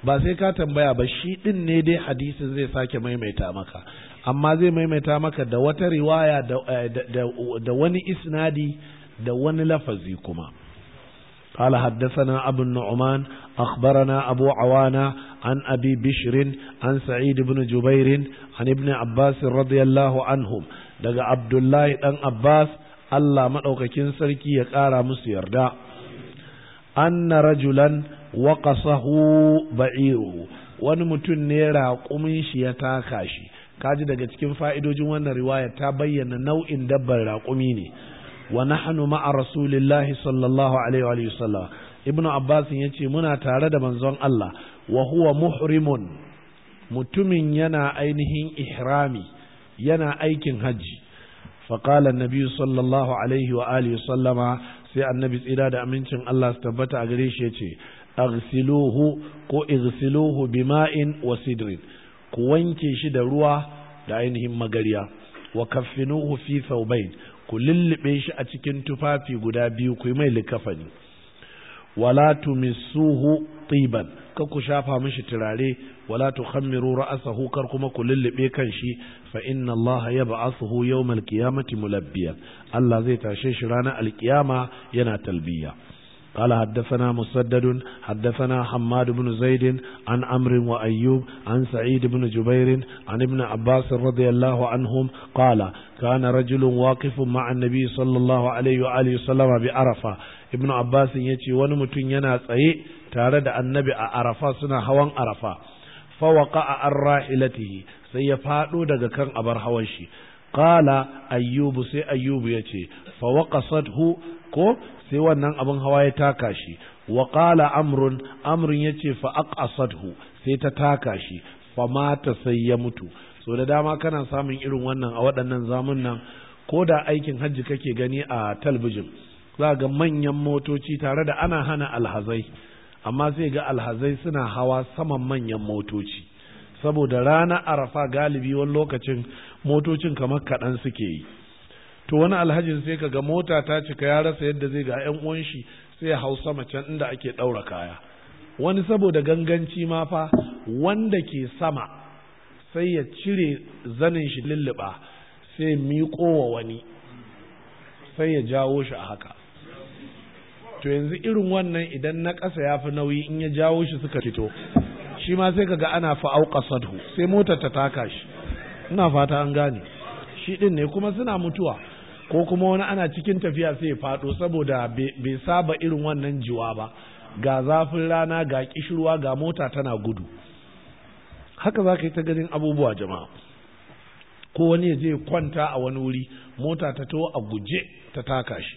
ba sai ka tambaya ba shi din ne dai hadisin zai sake maimaita maka amma zai maimaita maka da wata riwaya da eh, wani isnadi da wani lafazi kuma قال حدثنا أبو النعمان أخبرنا أبو عوانة عن أبي بشر عن سعيد بن جبير عن ابن عباس رضي الله عنهم دقى عبد الله بن عباس الله مدعوك كنسركي يقارى مسير أن رجلا Waƙasahu ba'iruhu wani mutum ne raƙumin shi ya taka shi kaji daga cikin fa'idojin wannan riwaya ta bayyana nau'in dabbar raƙumi ne wa nahnu ma'a rasulillahi sallallahu alaihi wa sallam ibnu abbas yace muna tare da manzon Allah wa huwa muhrimun mutumin yana ainihin ihrami yana aikin hajji فقال Nabiyu sallallahu alaihi wa sallama sai annabi tsira da amincin Allah su tabbata a gare shi ya ce aghsiluhu ko igsiluhu bima'in wa sidrin ku wanke shi da ruwa da ainihin magarya wa kaffinuhu fi ku lullube shi a cikin tufafi guda biyu ku mai likafani wala tumissuhu tiban ka ku shafa mishi turare wala tukhammiru ra'sahu kar kuma ku lullube kan shi fa inna Allah yab'athuhu yawmal qiyamati mulabbiya Allah zai tashe shi ranar alkiyama yana talbiya قال حدثنا مسدد حدثنا حماد بن زيد عن عمرو وأيوب عن سعيد بن جبير عن ابن عباس رضي الله عنهم قال كان رجل واقف مع النبي صلى الله عليه وآله وسلم بعرفة ابن عباس يتي ونمتن ينا تsaye tare da annabi a arafa suna hawan arafa fawaka a an rahilatihi sai ya faɗo daga kan abar hawan shi qala ayyubu sai ayyubu ya ce fawaqasathu ko sai wannan abin hawa ya taka shi wa qala amrun amrun yace fa aqasadhu sai ta taka shi fa mata sai ya mutu so da dama kana samun irin wannan a waɗannan zamun nan ko da aikin hajji kake gani a talbijin za ga manyan motoci tare da ana hana alhazai amma sai ga alhazai suna hawa saman manyan motoci saboda rana arafa galibi wani lokacin motocin kamar kaɗan suke yi to wani alhaji sai kaga mota ta cika ya rasa yadda zai ga yan uwan shi sai ya hau sama can inda ake daura kaya wani saboda ganganci ma fa wanda ke sama sai ya cire zanin shi lulluɓa sai miƙo wa wani sai ya jawo shi a haka to yanzu irin wannan idan na ƙasa ya fi nauyi in ya jawo shi suka fito shi ma sai kaga ana fa'auka sadhu sai motar ta taka shi ina fata an gane shi ɗin ne kuma suna mutuwa ko kuma wani ana cikin tafiya sai ya faɗo saboda bai saba irin wannan jiwa ba ga zafin rana ga kishirwa ga mota tana gudu haka za ka yi ta ganin abubuwa jama'a ko wani ya je kwanta a wani wuri mota ta taho a guje ta taka shi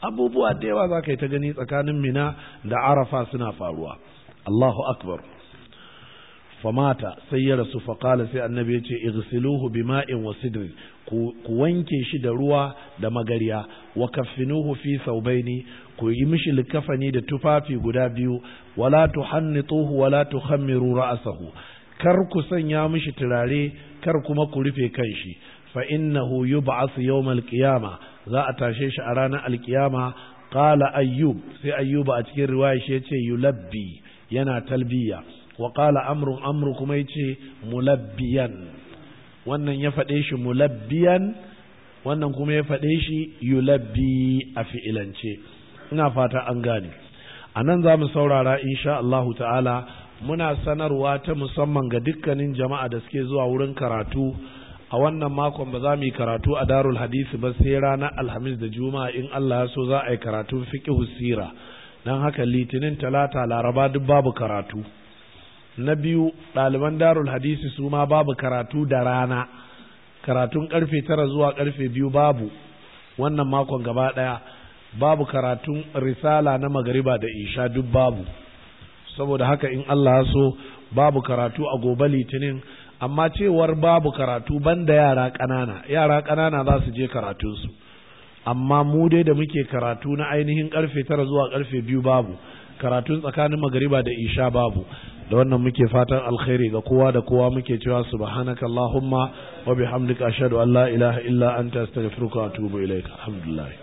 abubuwa da yawa za ka yi ta gani tsakanin mina da arafa suna faruwa allahu akbar famata sai ya rasu faƙala sai annabi ya ce igsiluhu bima'in wa sidrin ku wanke shi da ruwa da magarya wa kaffinuhu fi saubaini ku yi mishi likafani da tufafi guda biyu wala tuhannituhu wala tukhammiru ra'asahu. kar ku sanya mishi turare kar kuma ku rufe kanshi fa innahu yub'asu yawmal qiyama za a tashe shi a ranar alkiyama qala ayyub sai ayyuba a cikin riwaya shi yace yulabbi yana talbiya wa qala amrun amru kuma yace mulabbiyan wannan ya faɗe shi mulabbiyan wannan kuma ya faɗe shi yulabbi a fi'ilance ina fata an gane a nan za mu saurara insha Allah ta'ala muna sanarwa ta musamman ga dukkanin jama'a da suke zuwa wurin karatu a wannan makon ba za mu yi karatu a darul hadisi ba sai ranar alhamis da juma'a in Allah ya so za a yi karatun fiqhu sira dan haka litinin talata laraba duk babu karatu na biyu ɗaliban darul hadisi su ma babu karatu da rana karatun karfe tara zuwa karfe biyu babu wannan makon gaba ɗaya babu karatun risala na magariba da isha duk babu saboda haka in Allah so babu karatu a gobe litinin amma cewar babu karatu banda yara ƙanana yara ƙanana za su je karatunsu amma mu dai da muke karatu na ainihin karfe tara zuwa karfe biyu babu karatun tsakanin magariba da isha babu da wannan muke fatan alkhairi ga kowa da kowa muke cewa subhanaka allahumma wa bihamdika ashhadu an la ilaha illa anta astaghfiruka wa atubu ilaik alhamdulillah